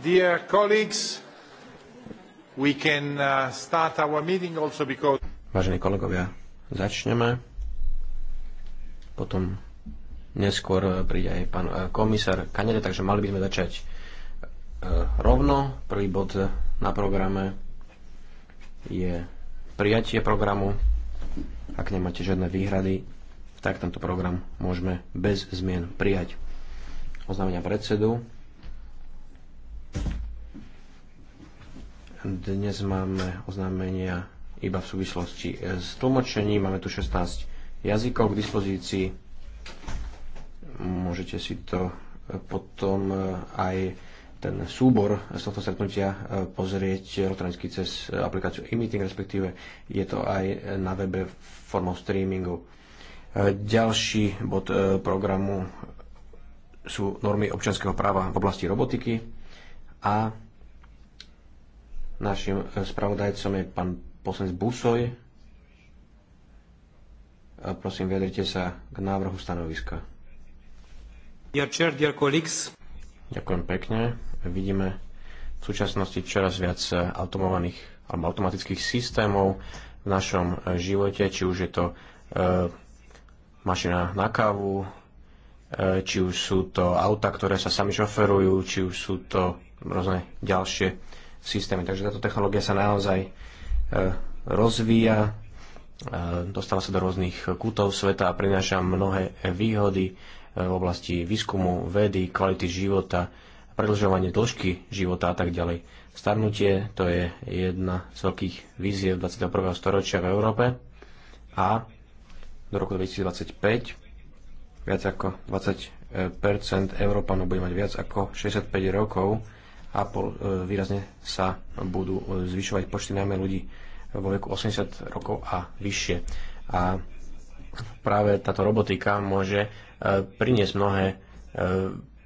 Dear colleagues, we can uh, start our meeting also because... Vážení kolegovia, začneme. Potom neskôr uh, príde aj pán uh, komisár Kanede, takže mali by sme začať rovno. Prvý bod na programe je prijatie programu. Ak nemáte žiadne výhrady, tak tento program môžeme bez zmien prijať. Oznámenia predsedu. Dnes máme oznámenia iba v súvislosti s tlmočením. Máme tu 16 jazykov k dispozícii. Môžete si to potom e, aj ten súbor z tohto stretnutia e, pozrieť elektronicky cez aplikáciu e-meeting, respektíve je to aj na webe formou streamingu. E, ďalší bod programu sú normy občianského práva v oblasti robotiky a Našim e, spravodajcom je pán poslanec Busoj. E, prosím, vyjadrite sa k návrhu stanoviska. Ďakujem pekne. Vidíme v súčasnosti čoraz viac e, automovaných alebo automatických systémov v našom živote, či už je to e, mašina na kávu, e, či už sú to auta, ktoré sa sami šoferujú, či už sú to rôzne ďalšie systémy. Takže táto technológia sa naozaj e, rozvíja, e, dostáva sa do rôznych kútov sveta a prináša mnohé výhody e, v oblasti výskumu, vedy, kvality života, predlžovanie dĺžky života a tak ďalej. Starnutie to je jedna z veľkých víziev 21. storočia v Európe a do roku 2025 viac ako 20 Európanov bude mať viac ako 65 rokov Apple výrazne sa budú e, zvyšovať počty najmä ľudí vo veku 80 rokov a vyššie. A práve táto robotika môže e, priniesť mnohé e,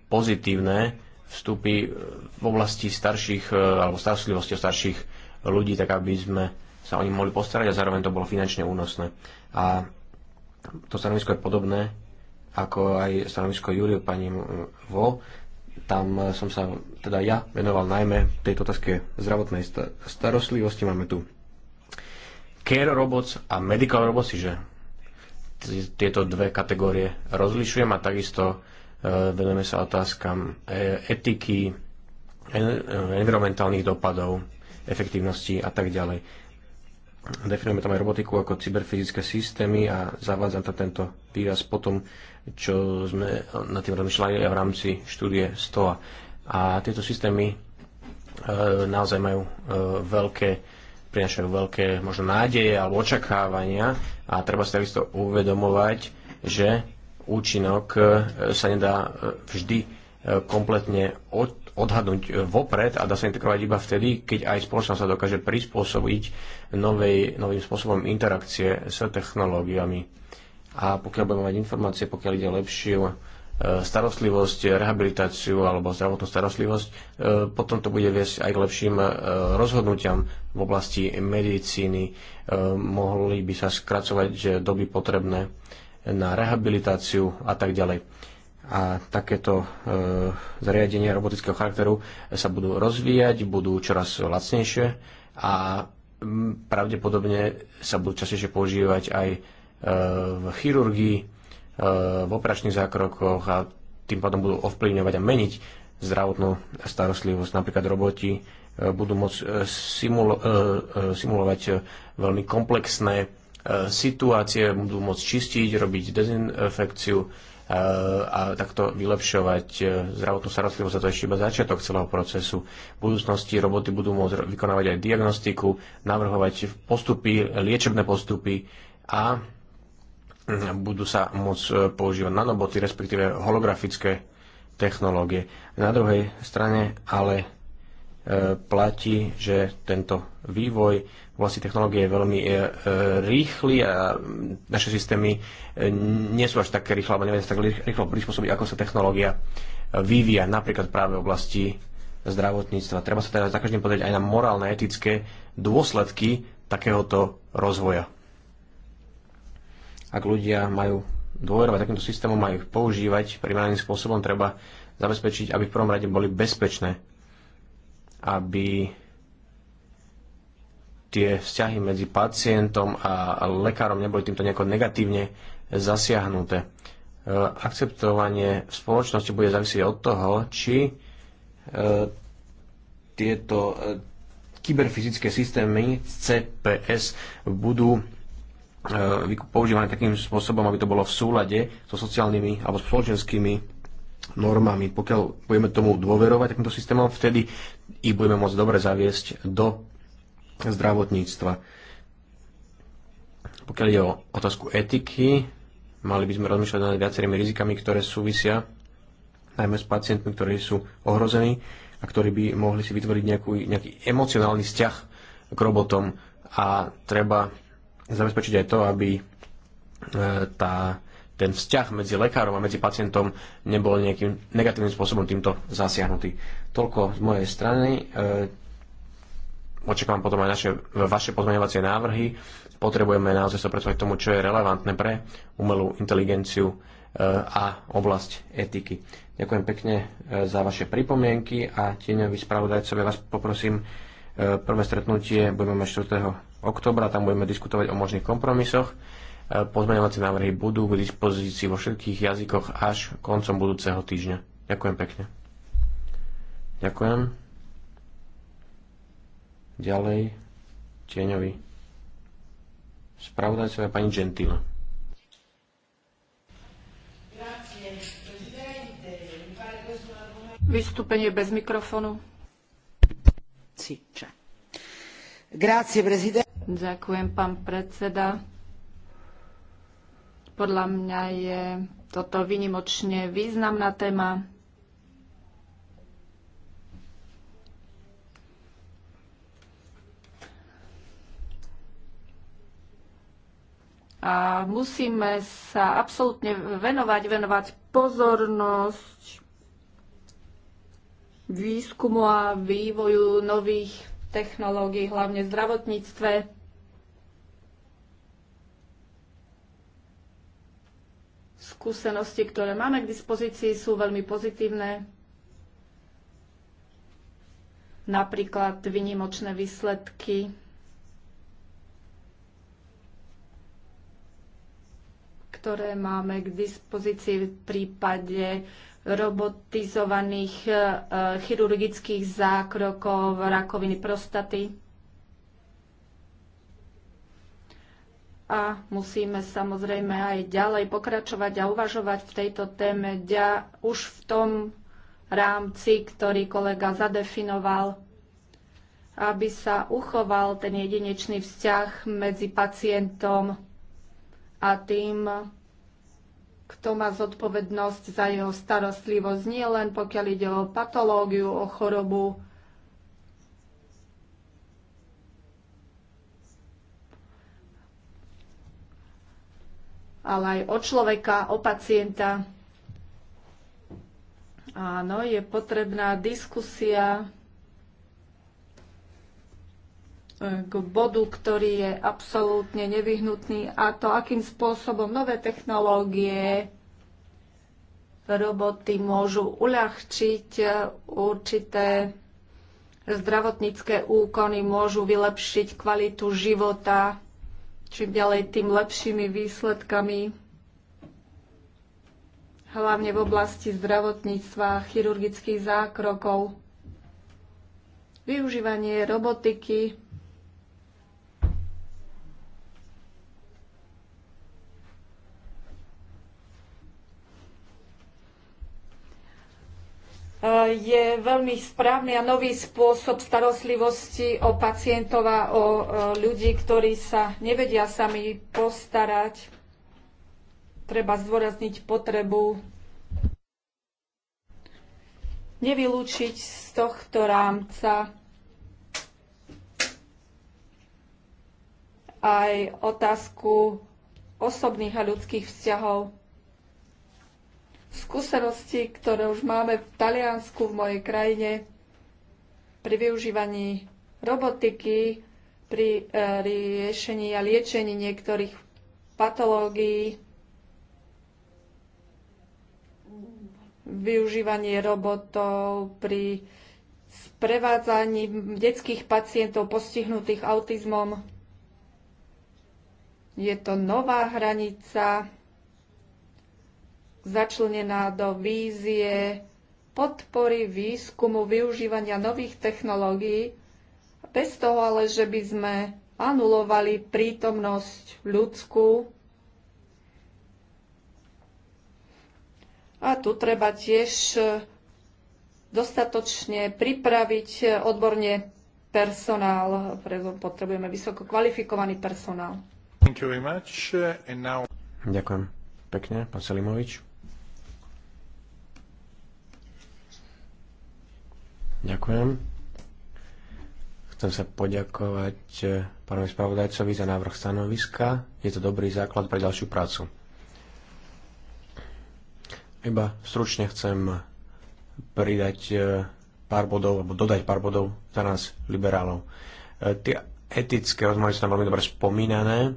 pozitívne vstupy v oblasti starších alebo starostlivosti o starších ľudí, tak aby sme sa o nich mohli postarať a zároveň to bolo finančne únosné. A to stanovisko je podobné ako aj stanovisko Júriu pani Vo. Tam som sa teda ja venoval najmä tejto otázke zdravotnej starostlivosti. Máme tu care robots a medical robots, že tieto dve kategórie rozlišujem a takisto e, venujeme sa otázkam e, etiky, environmentálnych dopadov, efektívnosti a tak ďalej. Definujeme tam aj robotiku ako cyberfyzické systémy a zavádzam tam tento výraz potom, čo sme na tým rozmýšľali aj v rámci štúdie STOA a tieto systémy e, naozaj majú e, veľké, prinašajú veľké možno nádeje alebo očakávania a treba si takisto uvedomovať, že účinok e, sa nedá vždy kompletne odhadnúť vopred a dá sa integrovať iba vtedy, keď aj spoločnosť sa dokáže prispôsobiť novej, novým spôsobom interakcie s technológiami. A pokiaľ budeme mať informácie, pokiaľ ide lepšiu starostlivosť, rehabilitáciu alebo zdravotnú starostlivosť, e, potom to bude viesť aj k lepším e, rozhodnutiam v oblasti medicíny. E, mohli by sa skracovať doby potrebné na rehabilitáciu a tak ďalej. A takéto zariadenia robotického charakteru sa budú rozvíjať, budú čoraz lacnejšie a pravdepodobne sa budú častejšie používať aj v chirurgii, v operačných zákrokoch a tým pádom budú ovplyvňovať a meniť zdravotnú starostlivosť. Napríklad roboti e, budú môcť e, simulo- e, simulovať veľmi komplexné situácie, budú môcť čistiť, robiť dezinfekciu a takto vylepšovať zdravotnú starostlivosť a to ešte iba začiatok celého procesu. V budúcnosti roboty budú môcť vykonávať aj diagnostiku, navrhovať postupy, liečebné postupy a Mhm. budú sa môcť e, používať nanoboty, respektíve holografické technológie. Na druhej strane ale e, platí, že tento vývoj vlastne technológie je veľmi e, rýchly a naše systémy nie sú až také rýchle, alebo nevedia sa tak rýchlo prispôsobiť, ako sa technológia vyvíja napríklad práve v oblasti zdravotníctva. Treba sa teda za každým pozrieť aj na morálne, etické dôsledky takéhoto rozvoja. Ak ľudia majú dôverovať takýmto systémom, majú ich používať primárnym spôsobom, treba zabezpečiť, aby v prvom rade boli bezpečné, aby tie vzťahy medzi pacientom a lekárom neboli týmto nejako negatívne zasiahnuté. E, akceptovanie v spoločnosti bude závisieť od toho, či e, tieto e, kyberfyzické systémy CPS budú E, používané takým spôsobom, aby to bolo v súlade so sociálnymi alebo spoločenskými normami. Pokiaľ budeme tomu dôverovať takýmto systémom, vtedy ich budeme môcť dobre zaviesť do zdravotníctva. Pokiaľ ide o otázku etiky, mali by sme rozmýšľať nad viacerými rizikami, ktoré súvisia najmä s pacientmi, ktorí sú ohrození a ktorí by mohli si vytvoriť nejakú, nejaký emocionálny vzťah k robotom a treba zabezpečiť aj to, aby e, tá, ten vzťah medzi lekárom a medzi pacientom nebol nejakým negatívnym spôsobom týmto zasiahnutý. Toľko z mojej strany. E, očakávam potom aj naše, vaše pozmeňovacie návrhy. Potrebujeme naozaj sa predstaviť tomu, čo je relevantné pre umelú inteligenciu e, a oblasť etiky. Ďakujem pekne za vaše pripomienky a tieňový spravodajcovia vás poprosím prvé stretnutie budeme mať 4 oktobra, tam budeme diskutovať o možných kompromisoch. E, pozmeňovacie návrhy budú k dispozícii vo všetkých jazykoch až koncom budúceho týždňa. Ďakujem pekne. Ďakujem. Ďalej tieňovi. Spravodajcovia pani Gentile. Vystúpenie bez mikrofonu. Sí, Ďakujem, pán predseda. Podľa mňa je toto vynimočne významná téma. A musíme sa absolútne venovať, venovať pozornosť výskumu a vývoju nových technológií, hlavne v zdravotníctve. Skúsenosti, ktoré máme k dispozícii, sú veľmi pozitívne. Napríklad vynimočné výsledky ktoré máme k dispozícii v prípade robotizovaných eh, eh, chirurgických zákrokov rakoviny prostaty. A musíme samozrejme aj ďalej pokračovať a uvažovať v tejto téme ďa, už v tom rámci, ktorý kolega zadefinoval, aby sa uchoval ten jedinečný vzťah medzi pacientom a tým, kto má zodpovednosť za jeho starostlivosť, nie len pokiaľ ide o patológiu, o chorobu. ale aj o človeka, o pacienta. Áno, je potrebná diskusia k bodu, ktorý je absolútne nevyhnutný a to, akým spôsobom nové technológie roboty môžu uľahčiť e, určité zdravotnícke úkony, môžu vylepšiť kvalitu života, čím ďalej tým lepšími výsledkami, hlavne v oblasti zdravotníctva, chirurgických zákrokov. Využívanie robotiky E, je veľmi správny a nový spôsob starostlivosti o pacientov a o e, ľudí, ktorí sa nevedia sami postarať. Treba zdôrazniť potrebu nevylúčiť z tohto rámca aj otázku osobných a ľudských vzťahov skúsenosti, ktoré už máme v Taliansku, v mojej krajine, pri využívaní robotiky, pri e, riešení a liečení niektorých patológií, využívanie robotov pri sprevádzaní detských pacientov postihnutých autizmom. Je to nová hranica začlenená do vízie podpory výskumu využívania nových technológií, bez toho ale, že by sme anulovali prítomnosť ľudskú. A tu treba tiež dostatočne pripraviť odborne personál, preto potrebujeme vysoko kvalifikovaný personál. Now... Ďakujem pekne, pán Selimovič. Ďakujem. Chcem sa poďakovať eh, pánovi spravodajcovi za návrh stanoviska. Je to dobrý základ pre ďalšiu prácu. Iba stručne chcem pridať eh, pár bodov, alebo dodať pár bodov za nás, liberálov. Eh, tie etické rozmery sú tam veľmi dobre spomínané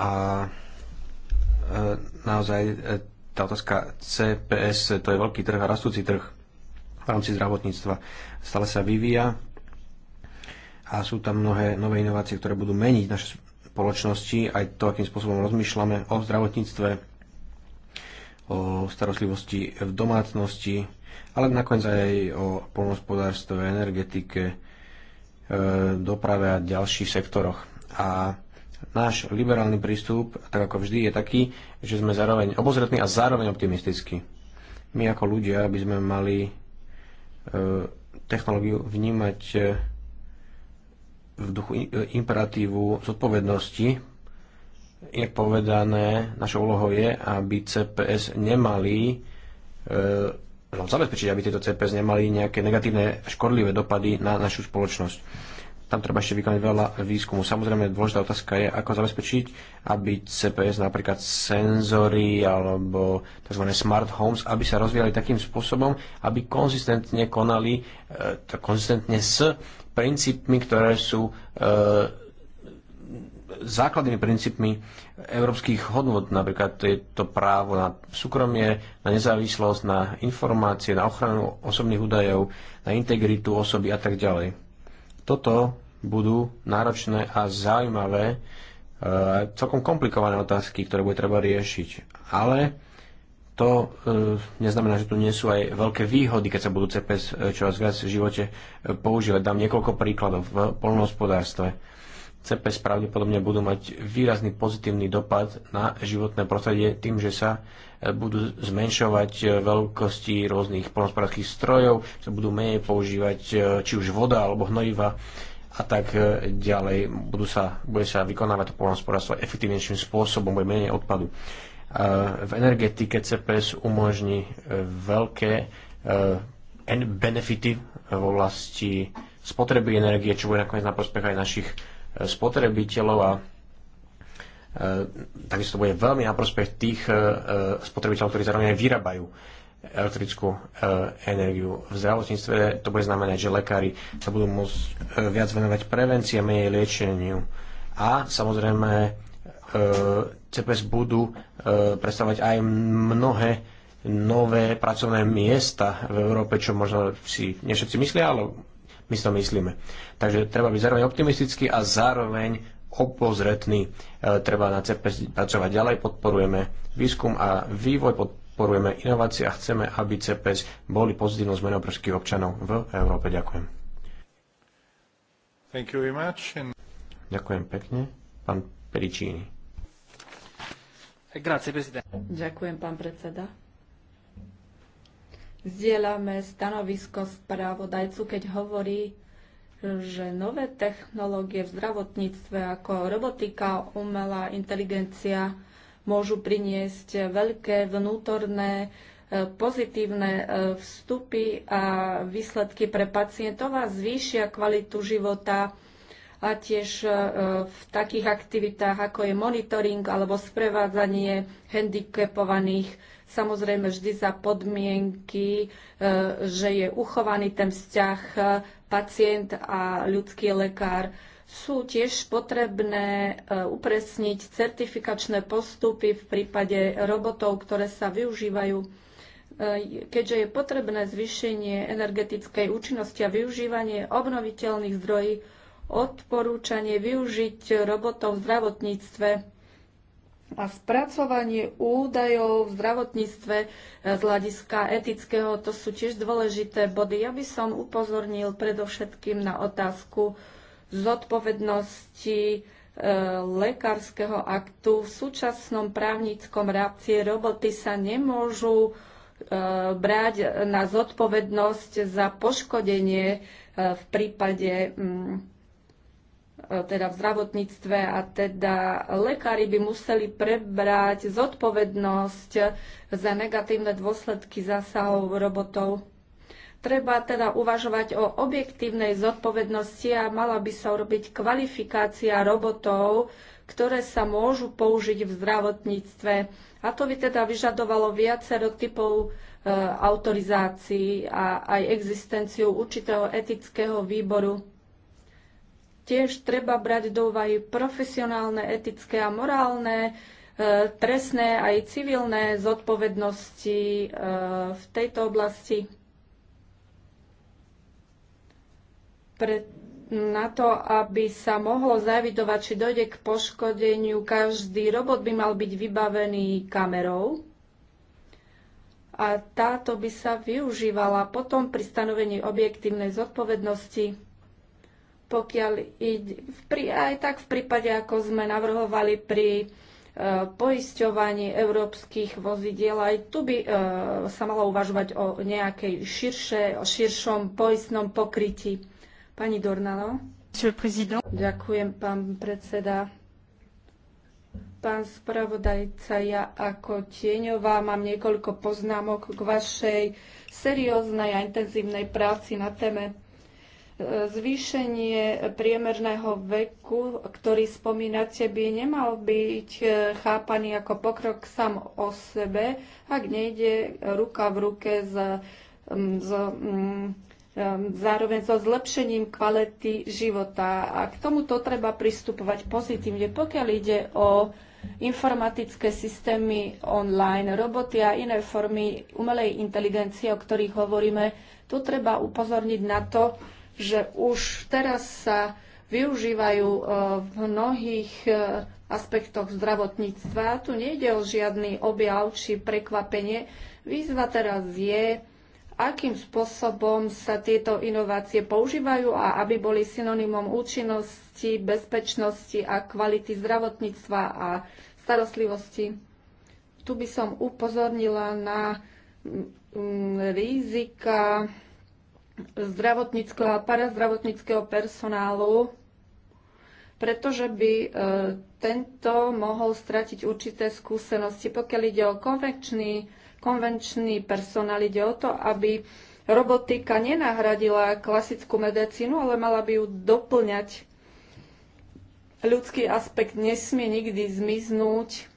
a naozaj tá otázka CPS, to je veľký trh a rastúci trh v rámci zdravotníctva. Stále sa vyvíja a sú tam mnohé nové inovácie, ktoré budú meniť naše spoločnosti, aj to, akým spôsobom rozmýšľame o zdravotníctve, o starostlivosti v domácnosti, ale nakoniec aj o polnospodárstve, energetike, e, doprave a ďalších sektoroch. A náš liberálny prístup, tak ako vždy, je taký, že sme zároveň obozretní a zároveň optimistickí. My ako ľudia by sme mali E, technológiu vnímať e, v duchu e, imperatívu zodpovednosti. je povedané, našou úlohou je, aby CPS nemali no, zabezpečiť, aby tieto CPS nemali nejaké negatívne škodlivé dopady na našu spoločnosť tam treba ešte vykonať veľa výskumu. Samozrejme, dôležitá otázka je, ako zabezpečiť, aby CPS, napríklad senzory alebo tzv. smart homes, aby sa rozvíjali takým spôsobom, aby konzistentne konali, e, konzistentne s princípmi, ktoré sú e, základnými princípmi európskych hodnot, napríklad je to právo na súkromie, na nezávislosť, na informácie, na ochranu osobných údajov, na integritu osoby a tak ďalej. Toto budú náročné a zaujímavé, e, celkom komplikované otázky, ktoré bude treba riešiť. Ale to e, neznamená, že tu nie sú aj veľké výhody, keď sa budú CPS e, čoraz viac v živote používať. Dám niekoľko príkladov v polnohospodárstve. CPS pravdepodobne budú mať výrazný pozitívny dopad na životné prostredie tým, že sa budú zmenšovať e, veľkosti rôznych polnospodárských strojov, sa budú menej používať e, či už voda alebo hnojiva a tak e, ďalej. Budú sa, bude sa vykonávať to polnospodárstvo efektívnejším spôsobom, bude menej odpadu. V energetike CPS umožní veľké benefity v oblasti spotreby energie, čo bude nakoniec na prospech aj našich spotrebiteľov a E, takisto to bude veľmi na prospech tých e, e, spotrebiteľov, ktorí zároveň aj vyrábajú elektrickú energiu. V zdravotníctve to bude znamenať, že lekári sa budú môcť viac venovať prevencii a menej liečeniu. A samozrejme CPS budú predstavovať aj mnohé nové pracovné miesta v Európe, čo možno si nevšetci všetci myslia, ale my si to myslíme. Takže treba byť zároveň optimistický a zároveň obozretný, e, treba na CEP pracovať ďalej, podporujeme výskum a vývoj, podporujeme inovácie a chceme, aby CPS boli pozitívnou zmenou pre všetkých občanov v Európe. Ďakujem. Thank you very much. And... Ďakujem pekne. Pán Pericini. Ďakujem, pán predseda. Zdieľame stanovisko správodajcu, keď hovorí, že nové technológie v zdravotníctve ako robotika, umelá inteligencia môžu priniesť veľké vnútorné e, pozitívne e, vstupy a výsledky pre pacientov a zvýšia kvalitu života a tiež e, v takých aktivitách, ako je monitoring alebo sprevádzanie handicapovaných Samozrejme vždy za podmienky, e, že je uchovaný ten vzťah e, pacient a ľudský lekár. Sú tiež potrebné e, upresniť certifikačné postupy v prípade robotov, ktoré sa využívajú keďže je potrebné zvýšenie energetickej účinnosti a využívanie obnoviteľných zdrojí, odporúčanie využiť robotov v zdravotníctve a spracovanie údajov v zdravotníctve e, z hľadiska etického, to sú tiež dôležité body. Ja by som upozornil predovšetkým na otázku zodpovednosti e, lekárskeho aktu. V súčasnom právnickom rámci roboty sa nemôžu e, brať na zodpovednosť za poškodenie e, v prípade mm, E, teda v zdravotníctve a teda lekári by museli prebrať zodpovednosť za negatívne dôsledky zásahov robotov. Treba teda uvažovať o objektívnej zodpovednosti a mala by sa urobiť kvalifikácia robotov, ktoré sa môžu použiť v zdravotníctve. A to by teda vyžadovalo viacero typov e, autorizácií a aj existenciu určitého etického výboru Tiež treba brať do úvahy profesionálne, etické a morálne, e, trestné aj civilné zodpovednosti e, v tejto oblasti. Pre, na to, aby sa mohlo zavidovať, či dojde k poškodeniu, každý robot by mal byť vybavený kamerou a táto by sa využívala potom pri stanovení objektívnej zodpovednosti pokiaľ ide, aj tak v prípade, ako sme navrhovali pri e, poisťovaní európskych vozidiel, aj tu by e, sa malo uvažovať o nejakej širšie, o širšom poistnom pokrytí. Pani Dornano. Ďakujem, pán predseda. Pán spravodajca, ja ako tieňová mám niekoľko poznámok k vašej serióznej a intenzívnej práci na téme Zvýšenie priemerného veku, ktorý spomínate, by nemal byť eh, chápaný ako pokrok sám o sebe, ak nejde ruka v ruke s, mm, s mm, zároveň so zlepšením kvality života. A k tomuto treba pristupovať pozitívne. Pokiaľ ide o informatické systémy online, roboty a iné formy umelej inteligencie, o ktorých hovoríme, tu treba upozorniť na to, že už teraz sa využívajú e, v mnohých e, aspektoch zdravotníctva. Tu nejde o žiadny objav či prekvapenie. Výzva teraz je, akým spôsobom sa tieto inovácie používajú a aby boli synonymom účinnosti, bezpečnosti a kvality zdravotníctva a starostlivosti. Tu by som upozornila na rizika zdravotníckého a parazdravotníckého personálu, pretože by e, tento mohol stratiť určité skúsenosti. Pokiaľ ide o konvenčný, konvenčný personál, ide o to, aby robotika nenahradila klasickú medicínu, ale mala by ju doplňať. Ľudský aspekt nesmie nikdy zmiznúť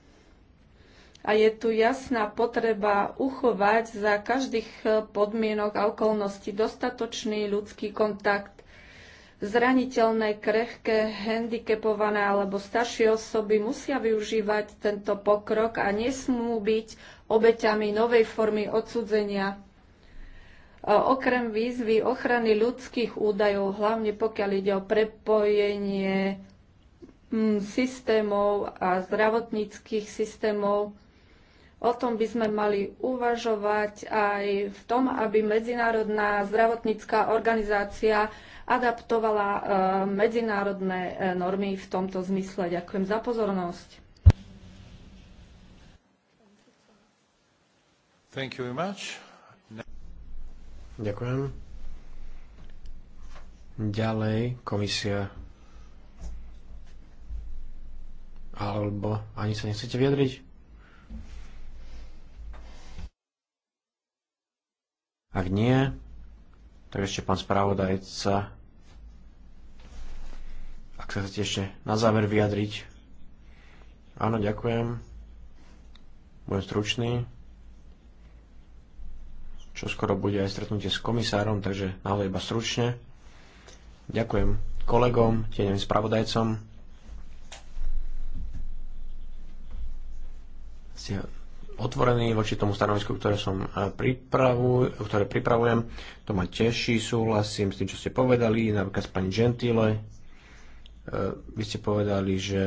a je tu jasná potreba uchovať za každých eh, podmienok a okolností dostatočný ľudský kontakt. Zraniteľné, krehké, handicapované alebo staršie osoby musia využívať tento pokrok a nesmú byť obeťami novej formy odsudzenia. Eh, okrem výzvy ochrany ľudských údajov, hlavne pokiaľ ide o prepojenie mm, systémov a zdravotníckých systémov, O tom by sme mali uvažovať aj v tom, aby Medzinárodná zdravotnícká organizácia adaptovala e, medzinárodné e, normy v tomto zmysle. Ďakujem za pozornosť. Thank you very much. Ďakujem. Ďalej komisia alebo ani sa nechcete vyjadriť? Ak nie, tak ešte pán spravodajca, ak sa chcete ešte na záver vyjadriť. Áno, ďakujem. Budem stručný. Čo skoro bude aj stretnutie s komisárom, takže naozaj iba stručne. Ďakujem kolegom, tieňovým spravodajcom. Si otvorený voči tomu stanovisku, ktoré som e, pripravuj, ktoré pripravujem. To ma teší, súhlasím s tým, čo ste povedali, napríklad s pani Gentile. E, vy ste povedali, že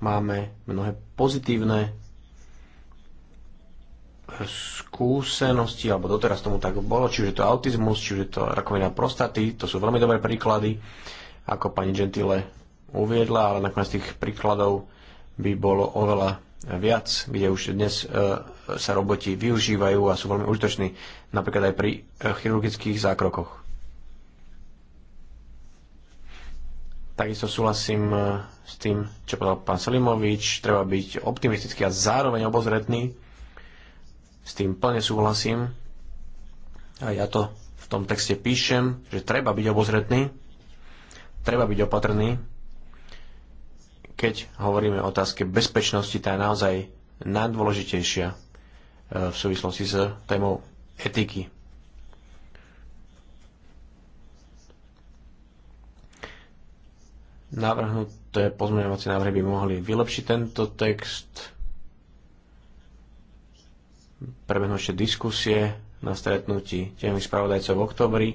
máme mnohé pozitívne e, skúsenosti, alebo doteraz tomu tak bolo, či už je to autizmus, či už je to rakovina prostaty, to sú veľmi dobré príklady, ako pani Gentile uviedla, ale nakoniec tých príkladov by bolo oveľa viac, kde už dnes e, sa roboti využívajú a sú veľmi užitoční, napríklad aj pri e, chirurgických zákrokoch. Takisto súhlasím e, s tým, čo povedal pán Selimovič, treba byť optimistický a zároveň obozretný. S tým plne súhlasím. A ja to v tom texte píšem, že treba byť obozretný, treba byť opatrný, keď hovoríme o otázke bezpečnosti, tá je naozaj najdôležitejšia e, v súvislosti s témou etiky. Navrhnuté pozmeňovacie návrhy by mohli vylepšiť tento text, prebehnú ešte diskusie na stretnutí tieňových spravodajcov v oktobri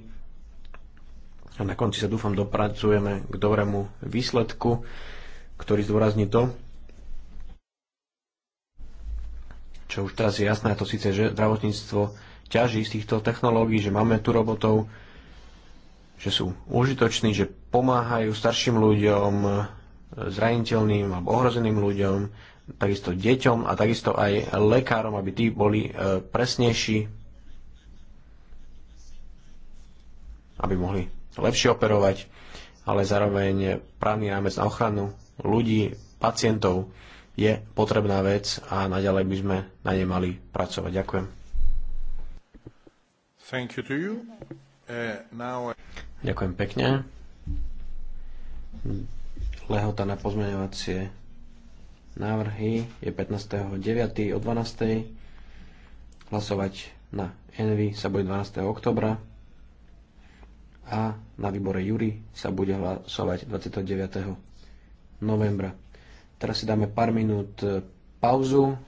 a na konci sa dúfam dopracujeme k dobrému výsledku ktorý zdôrazní to, čo už teraz je jasné, to síce, že zdravotníctvo ťaží z týchto technológií, že máme tu robotov, že sú užitoční, že pomáhajú starším ľuďom, zraniteľným alebo ohrozeným ľuďom, takisto deťom a takisto aj lekárom, aby tí boli e, presnejší, aby mohli lepšie operovať, ale zároveň právny rámec na ochranu ľudí, pacientov je potrebná vec a naďalej by sme na nej mali pracovať. Ďakujem. Thank you to you. Uh, now... Ďakujem pekne. Lehota na pozmeňovacie návrhy je 15.9. o 12.00. Hlasovať na Envy sa bude 12. oktobra a na výbore Jury sa bude hlasovať 29 novembra. Teraz si dáme pár minút e, pauzu,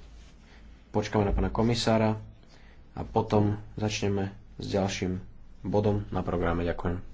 počkáme na pána komisára a potom začneme s ďalším bodom na programe. Ďakujem.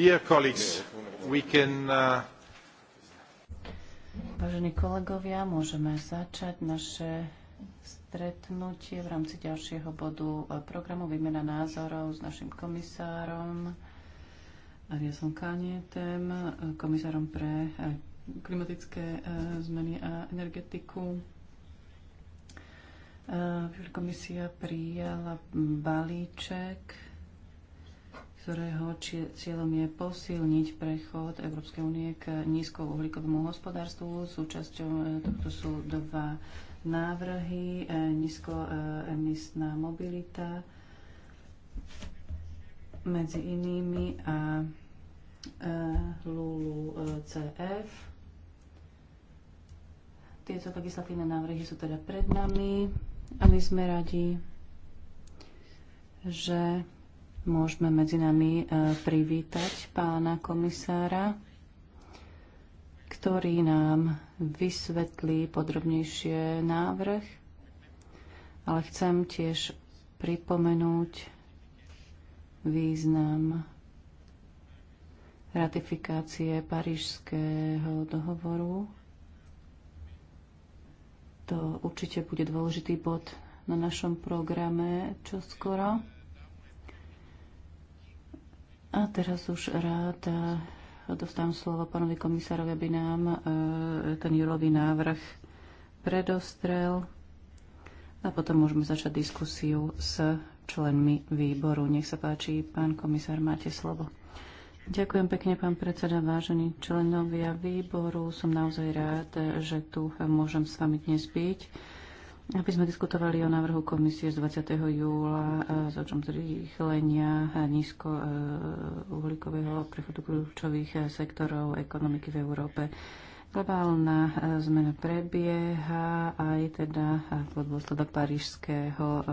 Uh, Vážení kolegovia, môžeme začať naše stretnutie v rámci ďalšieho bodu e, programu Výmena názorov s našim komisárom Ariasom Kanietem, e, komisárom pre e, klimatické zmeny a energetiku. Komisia prijala balíček ktorého cieľom je posilniť prechod Európskej únie k nízkouhlíkovému hospodárstvu. Súčasťou e, tohto sú dva návrhy, e, nízkoemisná mobilita medzi inými a e, LULU CF. Tieto legislatívne návrhy sú teda pred nami a my sme radi, že Môžeme medzi nami e, privítať pána komisára, ktorý nám vysvetlí podrobnejšie návrh, ale chcem tiež pripomenúť význam ratifikácie Parížského dohovoru. To určite bude dôležitý bod na našom programe čoskoro. skoro. A teraz už rád eh, dostávam slovo pánovi komisárovi, aby nám eh, ten júlový návrh predostrel a potom môžeme začať diskusiu s členmi výboru. Nech sa páči, pán komisár, máte slovo. Ďakujem pekne, pán predseda, vážení členovia výboru. Som naozaj rád, že tu môžem s vami dnes byť aby sme diskutovali o návrhu komisie z 20. júla e, s očom zrýchlenia nízko e, uhlíkového prechodu kľúčových e, sektorov ekonomiky v Európe. Globálna zmena prebieha aj teda pod dôsledok parížského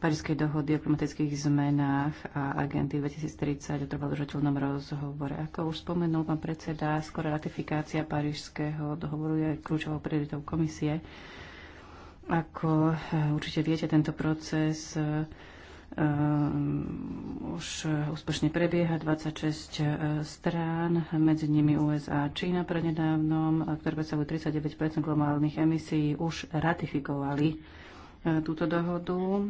Parískej dohody o klimatických zmenách a agenty 2030 o trvalodržateľnom rozhovore. Ako už spomenul pán predseda, skoro ratifikácia Parížského dohovoru je kľúčovou prioritou komisie ako eh, určite viete, tento proces eh, eh, už úspešne prebieha 26 strán, medzi nimi USA a Čína prednedávnom, ktoré predstavujú 39 globálnych emisí, už ratifikovali túto dohodu.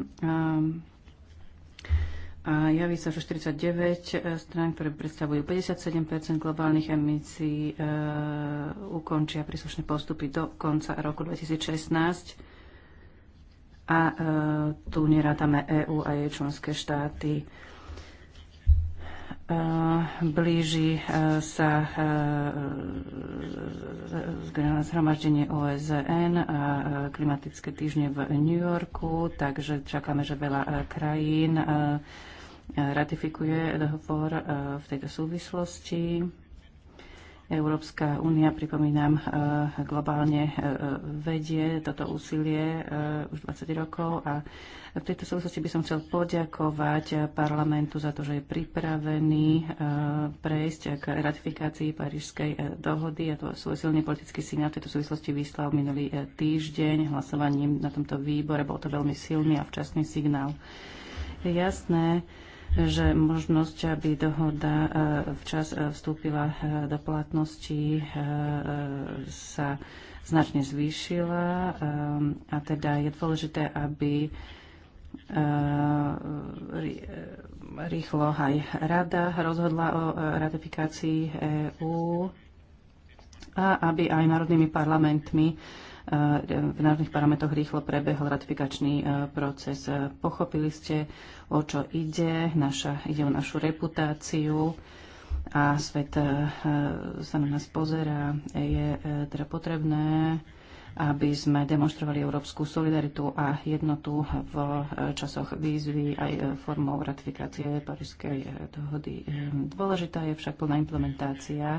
A javí sa, že 49 strán, ktoré predstavujú 57 globálnych emisí, ukončia príslušné postupy do konca roku 2016 a e, tu nerátame EÚ a jej členské štáty. E, blíži e, sa zhromaždenie OSN a klimatické týždne v New Yorku, takže čakáme, že veľa krajín ratifikuje dohovor v tejto súvislosti. Európska únia, pripomínam, e, globálne e, vedie toto úsilie e, už 20 rokov a v tejto súvislosti by som chcel poďakovať parlamentu za to, že je pripravený prejsť k ratifikácii Parížskej dohody a to svoj silný politický signál v tejto súvislosti vyslal minulý týždeň hlasovaním na tomto výbore. Bol to veľmi silný a včasný signál. Je jasné, že možnosť, aby dohoda eh, včas eh, vstúpila eh, do platnosti, sa značne zvýšila a teda je dôležité, aby rýchlo aj rada rozhodla o ratifikácii EÚ a aby aj národnými parlamentmi v národných parlamentoch rýchlo prebehol ratifikačný proces. Pochopili ste, o čo ide. Naša, ide o našu reputáciu a svet e, sa na nás pozera. Je e, teda potrebné, aby sme demonstrovali európsku solidaritu a jednotu v e, časoch výzvy aj formou ratifikácie Parížskej dohody. Dôležitá je však plná implementácia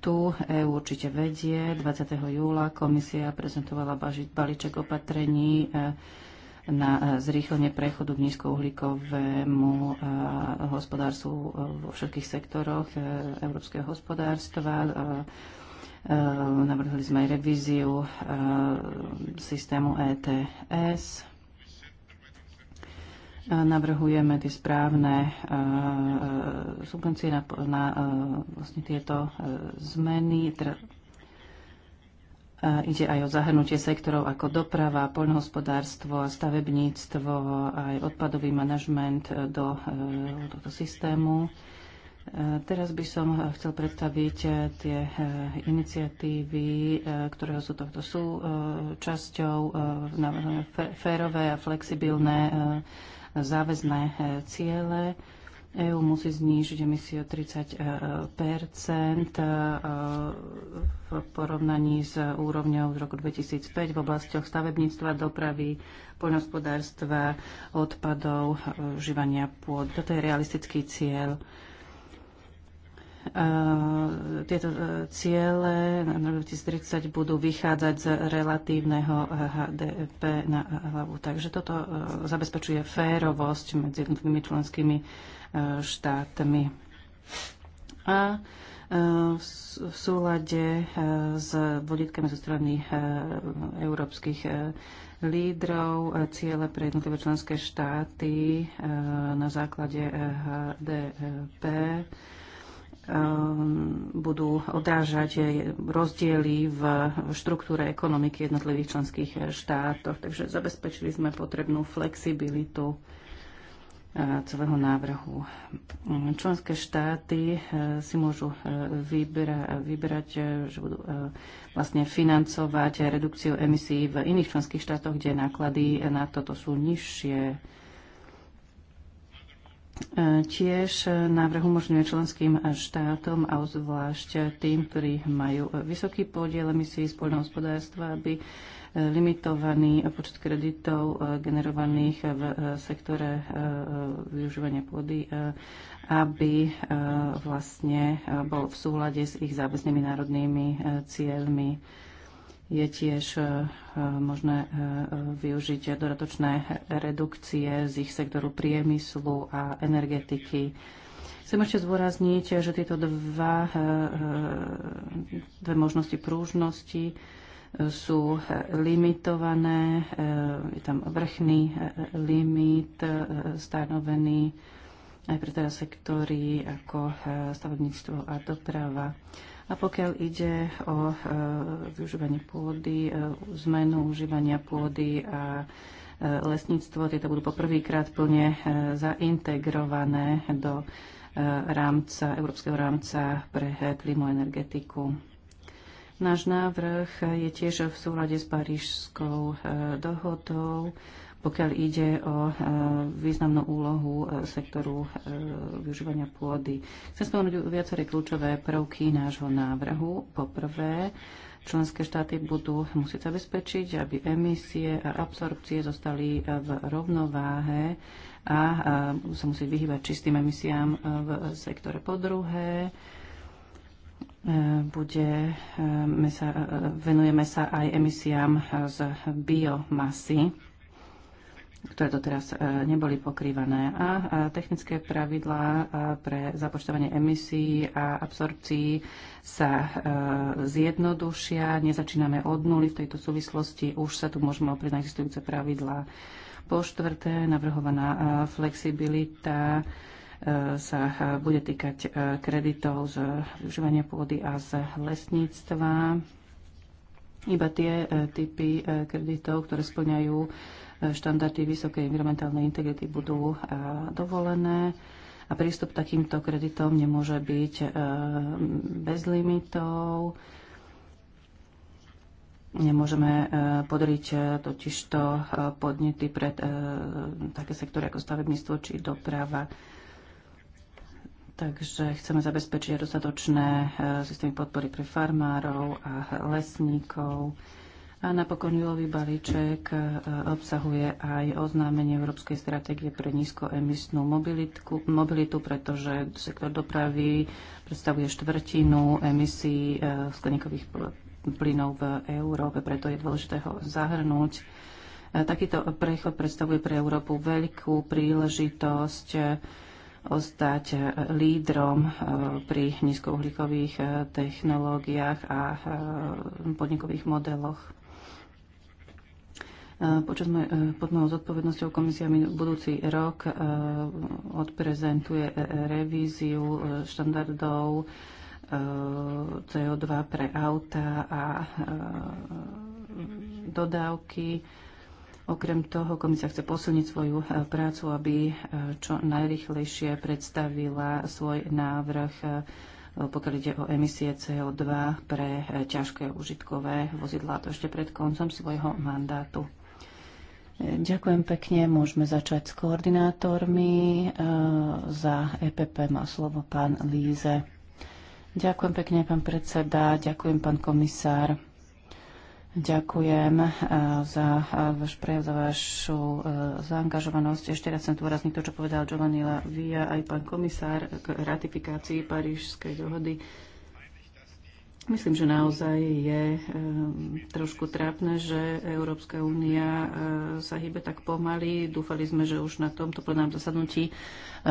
tu EU určite vedie. 20. júla komisia prezentovala balíček opatrení na e, zrýchlenie prechodu k nízkouhlíkovému e, hospodárstvu vo všetkých sektoroch e, európskeho hospodárstva. Navrhli sme aj revíziu systému ETS. Navrhujeme tie správne subvencie na, na vlastne tieto zmeny, Ide aj o zahrnutie sektorov ako doprava, poľnohospodárstvo, stavebníctvo, aj odpadový manažment do e, tohto systému. E, teraz by som chcel predstaviť e, tie iniciatívy, ktorého sú tohto sú časťou, férové a flexibilné záväzné ciele EÚ musí znížiť emisie o 30 e, e, v porovnaní s úrovňou z roku 2005 v oblastiach stavebníctva, dopravy, poľnohospodárstva, odpadov, e, užívania pôd. Toto je realistický cieľ. Tieto ciele na 2030 budú vychádzať z relatívneho HDP na hlavu. Takže toto zabezpečuje férovosť medzi jednotlivými členskými štátmi. A e, v súlade e, s voditkami zo strany e, európskych lídrov, ciele pre jednotlivé členské štáty na základe HDP budú odrážať rozdiely v štruktúre ekonomiky jednotlivých členských štátov. Takže zabezpečili sme potrebnú flexibilitu celého návrhu. Členské štáty e, si môžu e, vybera, vyberať, e, že budú vlastne financovať redukciu emisí v iných členských štátoch, kde náklady na toto sú nižšie. Tiež návrh umožňuje členským štátom a zvlášť tým, ktorí majú vysoký podiel emisí z poľnohospodárstva, aby limitovaný počet kreditov eh, generovaných v eh, sektore eh, využívania pôdy, aby vlastne bol v súhľade s ich záväznými národnými cieľmi je tiež možné využiť dodatočné redukcie z ich sektoru priemyslu a energetiky. Chcem ešte zdôrazniť, že tieto dva, dve možnosti prúžnosti sú limitované. Eh, je tam vrchný eh, limit eh, stanovený aj pre teda sektory ako stavebníctvo a doprava. A pokiaľ ide o využívanie pôdy, zmenu užívania pôdy a lesníctvo, tieto budú poprvýkrát plne zaintegrované do rámca, európskeho rámca pre klimu energetiku. Náš návrh je tiež v súlade s Parížskou eh, dohodou, pokiaľ ide o eh, významnú úlohu eh, sektoru využívania pôdy. Chcem spomenúť viaceré kľúčové prvky nášho návrhu. Poprvé, členské štáty budú musieť zabezpečiť, aby emisie a absorpcie zostali v rovnováhe a budú sa musieť vyhýbať čistým emisiám v sektore. Po druhé, E, bude, e, sa, e, venujeme sa aj emisiám z biomasy, ktoré doteraz neboli pokrývané. A technické pravidlá pre započtovanie emisí a absorpcií sa zjednodušia. Nezačíname od nuly v tejto súvislosti. Už sa tu môžeme oprieť na existujúce pravidlá. Po štvrté, navrhovaná flexibilita sa e, bude týkať e, kreditov z e, využívania pôdy a z lesníctva. Iba tie typy kreditov, ktoré splňajú štandardy vysokej environmentálnej integrity, budú dovolené a prístup takýmto kreditom nemôže byť bez limitov. Nemôžeme podriť totižto podnety pred také sektory ako stavebníctvo či doprava. Takže chceme zabezpečiť dostatočné e, systémy podpory pre farmárov a lesníkov. A napokon júlový balíček e, obsahuje aj oznámenie Európskej stratégie pre nízkoemisnú mobilitu, pretože sektor dopravy predstavuje štvrtinu emisí e, skleníkových plynov v Európe, preto je dôležité ho zahrnúť. Takýto prechod predstavuje pre Európu veľkú príležitosť ostať eh, lídrom eh, pri nízkouhlíkových eh, technológiách a podnikových modeloch. Počas moj, pod mojou zodpovednosťou komisia mi budúci rok odprezentuje revíziu štandardov CO2 pre auta a dodávky Okrem toho komisia chce posilniť svoju e, prácu, aby e, čo najrychlejšie predstavila svoj návrh e, pokiaľ ide o emisie CO2 pre ťažké užitkové vozidlá, to ešte pred koncom svojho mandátu. Ďakujem pekne. Môžeme začať s koordinátormi. Za EPP má slovo pán Líze. Ďakujem pekne, pán predseda. Ďakujem, pán komisár. Ďakujem eh, za eh, váš prejav, za vašu eh, zaangažovanosť. Ešte raz chcem dôrazniť to, čo povedal Giovanni Lavia, aj pán komisár k ratifikácii Parížskej dohody. Myslím, že naozaj je eh, trošku trápne, že Európska únia eh, sa hýbe tak pomaly. Dúfali sme, že už na tomto plenárnom zasadnutí eh,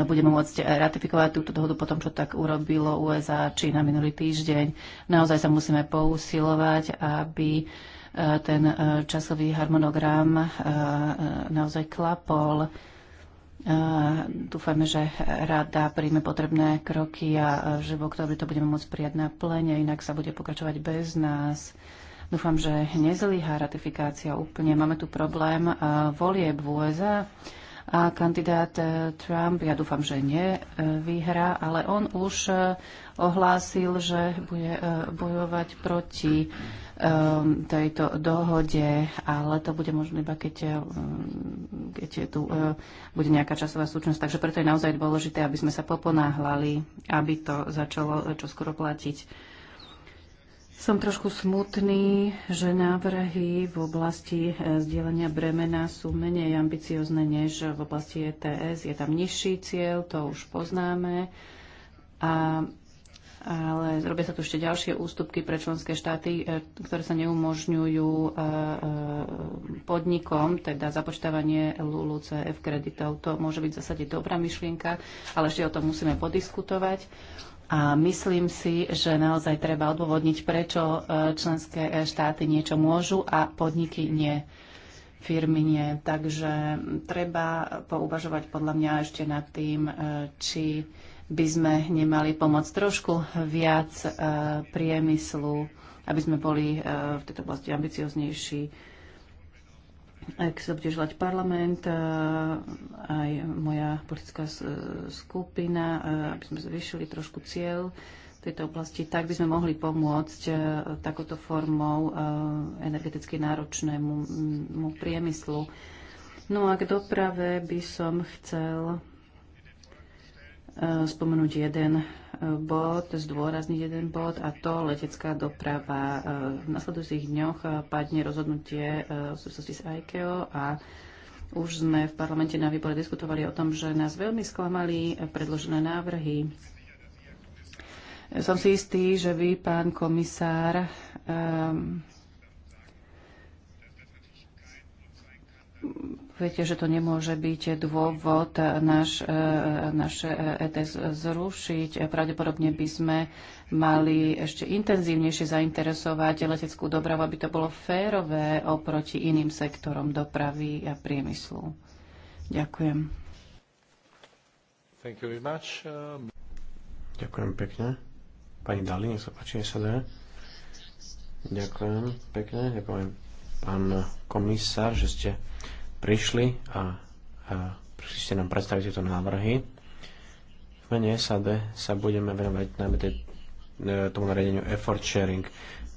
budeme môcť ratifikovať túto dohodu po tom, čo tak urobilo USA či na minulý týždeň. Naozaj sa musíme pousilovať, aby ten časový harmonogram naozaj klapol Dúfame, že rada príjme potrebné kroky a že v oktobri to budeme môcť prijať na plene, inak sa bude pokračovať bez nás. Dúfam, že nezlyhá ratifikácia úplne. Máme tu problém volieb v USA a kandidát e, Trump, ja dúfam, že nie, e, vyhrá, ale on už e, ohlásil, že bude bojovať proti tejto dohode, ale to bude možno iba keď, keď tu bude nejaká časová súčnosť. Takže preto je naozaj dôležité, aby sme sa poponáhlali, aby to začalo čoskoro platiť. Som trošku smutný, že návrhy v oblasti e, zdieľania bremena sú menej ambiciozne než v oblasti ETS. Je tam nižší cieľ, to už poznáme. A ale robia sa tu ešte ďalšie ústupky pre členské štáty, e, ktoré sa neumožňujú e, podnikom, teda započtávanie LULU, CF kreditov. To môže byť v zásade dobrá myšlienka, ale ešte o tom musíme podiskutovať. A myslím si, že naozaj treba odôvodniť, prečo e, členské e, štáty niečo môžu a podniky nie firmy nie. Takže treba pouvažovať podľa mňa ešte nad tým, e, či by sme nemali pomôcť trošku viac priemyslu, aby sme boli v tejto oblasti ambicioznejší ak sa bude želať parlament, e, aj moja politická skupina, e, aby sme zvyšili trošku cieľ tejto oblasti, tak by sme mohli pomôcť e, takouto formou energeticky náročnému priemyslu. No a k doprave by som chcel spomenúť jeden e, bod, zdôrazniť jeden bod a to letecká doprava. E, v nasledujúcich dňoch e, padne rozhodnutie v súvislosti s ICAO a už sme v parlamente na výbore diskutovali o tom, že nás veľmi sklamali predložené návrhy. Som si istý, že vy, pán komisár, um, Viete, že to nemôže byť dôvod náš, e, naše ETS e zrušiť. Pravdepodobne by sme mali ešte intenzívnejšie zainteresovať leteckú dopravu, aby to bolo férové oproti iným sektorom dopravy a priemyslu. Ďakujem. Thank you very much. Um... Ďakujem pekne. Pani Dali, nech sa páči, nech sa dá. Ďakujem pekne, ďakujem pán komisár, že ste prišli a, a prišli ste nám predstaviť tieto návrhy. V mene SAD sa budeme venovať najmä tej, e, tomu nariadeniu effort sharing.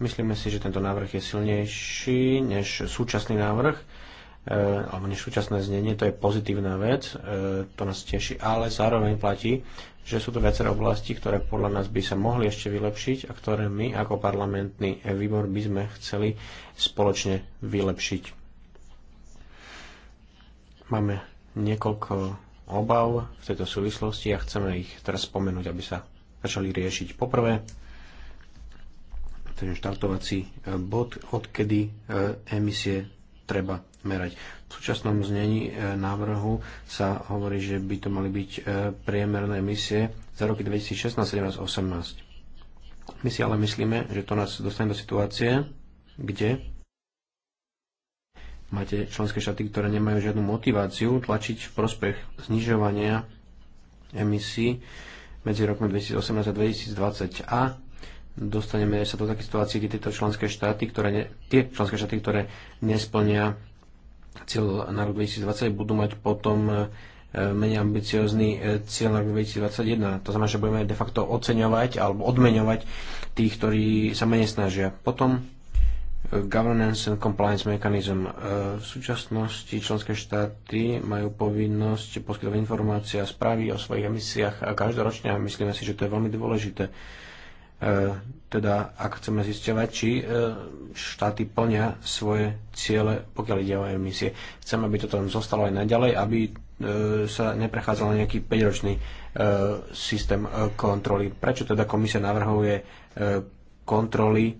Myslíme si, že tento návrh je silnejší než súčasný návrh, e, alebo než súčasné znenie, to je pozitívna vec, e, to nás teší, ale zároveň platí, že sú to viaceré oblasti, ktoré podľa nás by sa mohli ešte vylepšiť a ktoré my ako parlamentný výbor by sme chceli spoločne vylepšiť. Máme niekoľko obav v tejto súvislosti a chceme ich teraz spomenúť, aby sa začali riešiť. Poprvé, ten štartovací e, bod, odkedy e, emisie treba merať. V súčasnom znení e, návrhu sa hovorí, že by to mali byť priemerné emisie za roky 2016, 17, 18. My si ale myslíme, že to nás dostane do situácie, kde Máte členské štáty, ktoré nemajú žiadnu motiváciu tlačiť v prospech znižovania emisí medzi rokmi 2018 a 2020 a dostaneme sa do také situácie, kde tieto členské štáty, ktoré ne, tie členské štáty, ktoré nesplnia cieľ na rok 2020, budú mať potom e, menej ambiciózny e, cieľ na rok 2021. To znamená, že budeme de facto oceňovať alebo odmeňovať tých, ktorí sa menej snažia. Potom governance and compliance mechanism. E, v súčasnosti členské štáty majú povinnosť poskytovať informácie a správy o svojich emisiách a každoročne a myslíme si, že to je veľmi dôležité. E, teda ak chceme zistiavať, či e, štáty plnia svoje ciele, pokiaľ ide o emisie. Chcem, aby to tam zostalo aj naďalej, aby sa neprechádzal nejaký 5-ročný systém kontroly. Prečo teda komisia navrhuje kontroly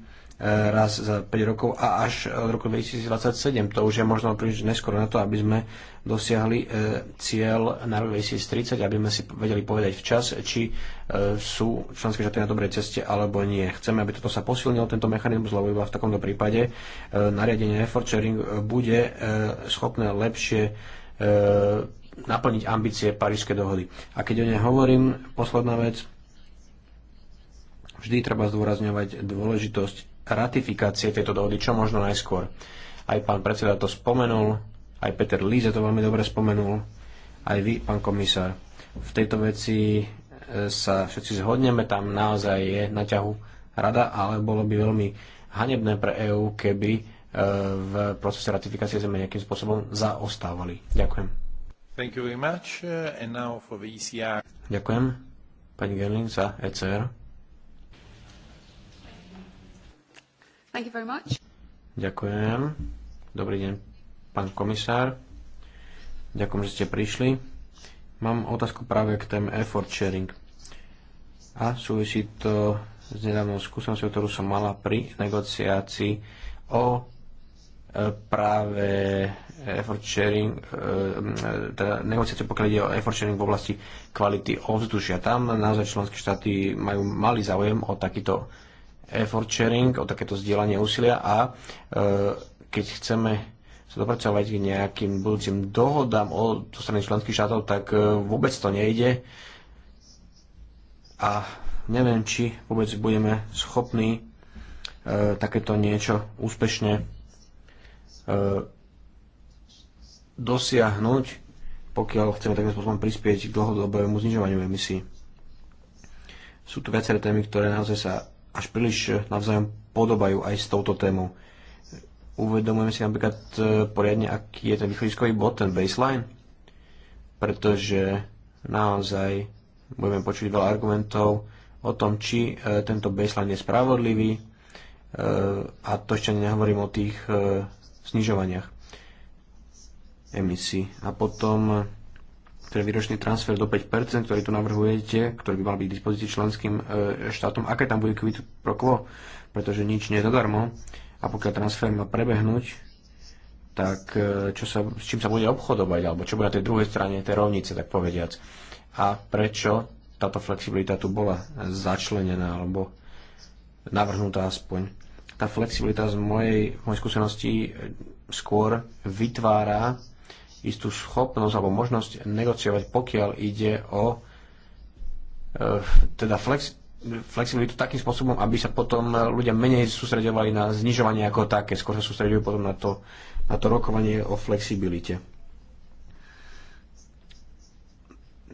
Eh, raz za 5 rokov a až od roku 2027. To už je možno príliš neskoro na to, aby sme dosiahli eh, cieľ na rok 2030, aby sme si vedeli povedať včas, či eh, sú členské štáty na dobrej ceste alebo nie. Chceme, aby toto sa posilnilo, tento mechanizmus, lebo iba v takomto prípade nariadenie effort sharing bude schopné lepšie naplniť ambície Parížskej dohody. A keď o nej hovorím, posledná vec, vždy treba zdôrazňovať dôležitosť ratifikácie tejto dohody čo možno najskôr. Aj pán predseda to spomenul, aj Peter Líze to veľmi dobre spomenul, aj vy, pán komisár. V tejto veci e, sa všetci zhodneme, tam naozaj je na ťahu rada, ale bolo by veľmi hanebné pre EÚ, keby e, v procese ratifikácie sme nejakým spôsobom zaostávali. Ďakujem. Thank you very much. Uh, and now for e Ďakujem. Pani Gerling za ECR. Thank you very much. Ďakujem. Dobrý deň, pán komisár. Ďakujem, že ste prišli. Mám otázku práve k téme effort sharing. A súvisí to s nedávnou skúsenosťou, ktorú som mala pri negociácii o e, práve effort sharing, e, e, teda negociácie, pokiaľ ide o effort sharing v oblasti kvality ovzdušia. Tam naozaj členské štáty majú malý záujem o takýto effort sharing, o takéto zdieľanie úsilia a e, keď chceme sa dopracovať k nejakým budúcim dohodám o to strany členských štátov, tak e, vôbec to nejde. A neviem, či vôbec budeme schopní e, takéto niečo úspešne e, dosiahnuť, pokiaľ chceme takým spôsobom prispieť k dlhodobému znižovaniu emisí. Sú tu viaceré témy, ktoré naozaj sa až príliš navzájom podobajú aj s touto témou. Uvedomujeme si napríklad e, poriadne, aký je ten východiskový bod, ten baseline, pretože naozaj budeme počuť veľa argumentov o tom, či e, tento baseline je spravodlivý e, a to ešte nehovorím o tých snižovaniach emisí. A potom ten výročný transfer do 5%, ktorý tu navrhujete, ktorý by mal byť k dispozícii členským e, štátom, aké tam bude kvit pro quo, pretože nič nie je zadarmo a pokiaľ transfer má prebehnúť, tak e, čo sa, s čím sa bude obchodovať, alebo čo bude na tej druhej strane tej rovnice, tak povediac. A prečo táto flexibilita tu bola začlenená, alebo navrhnutá aspoň. Tá flexibilita z mojej, mojej skúsenosti e, skôr vytvára istú schopnosť alebo možnosť negociovať, pokiaľ ide o e, teda flex, flexibilitu takým spôsobom, aby sa potom ľudia menej sústredovali na znižovanie ako také, skôr sa sústredujú potom na to, na to rokovanie o flexibilite.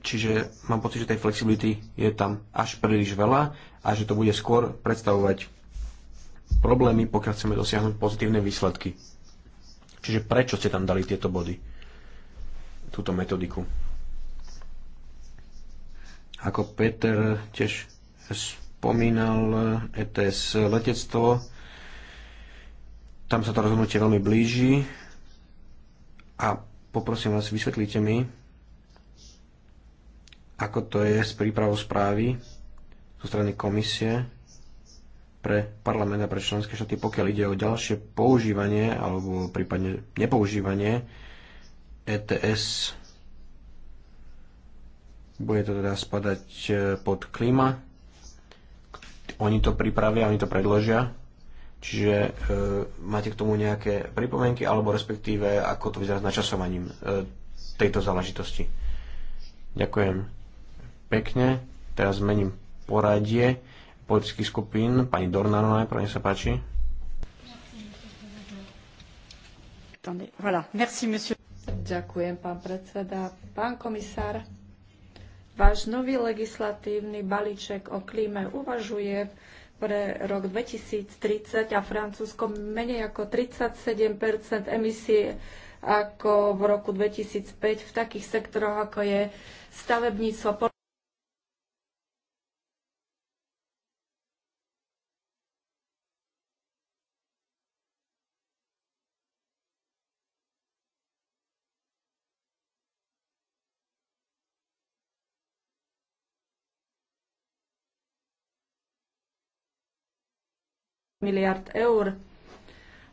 Čiže mám pocit, že tej flexibility je tam až príliš veľa a že to bude skôr predstavovať problémy, pokiaľ chceme dosiahnuť pozitívne výsledky. Čiže prečo ste tam dali tieto body? túto metodiku. Ako Peter tiež spomínal, ETS letectvo, tam sa to rozhodnutie veľmi blíži a poprosím vás, vysvetlite mi, ako to je s prípravou správy zo strany komisie pre parlament a pre členské štáty, pokiaľ ide o ďalšie používanie alebo prípadne nepoužívanie ETS. Bude to teda spadať e, pod klíma. Oni to pripravia, oni to predložia. Čiže e, máte k tomu nejaké pripomienky, alebo respektíve, ako to vyzerá s načasovaním e, tejto záležitosti. Ďakujem pekne. Teraz zmením poradie politických skupín. Pani Dornano najprv, nech sa páči. Voilà. Merci, monsieur. Ďakujem, pán predseda. Pán komisár, váš nový legislatívny balíček o klíme uvažuje pre rok 2030 a Francúzsko menej ako 37 emisie ako v roku 2005 v takých sektoroch, ako je stavebníctvo, miliard eur.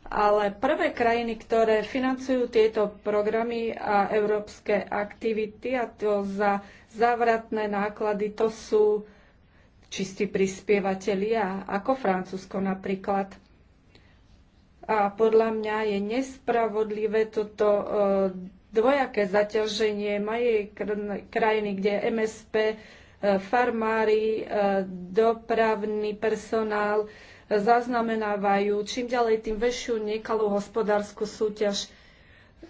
Ale prvé krajiny, ktoré financujú tieto programy a európske aktivity, a to za závratné náklady, to sú čistí prispievateľia, ako Francúzsko napríklad. A podľa mňa je nespravodlivé toto e, dvojaké zaťaženie mojej krajiny, kde MSP, e, farmári, e, dopravný personál, zaznamenávajú čím ďalej tým väčšiu nekalú hospodárskú súťaž.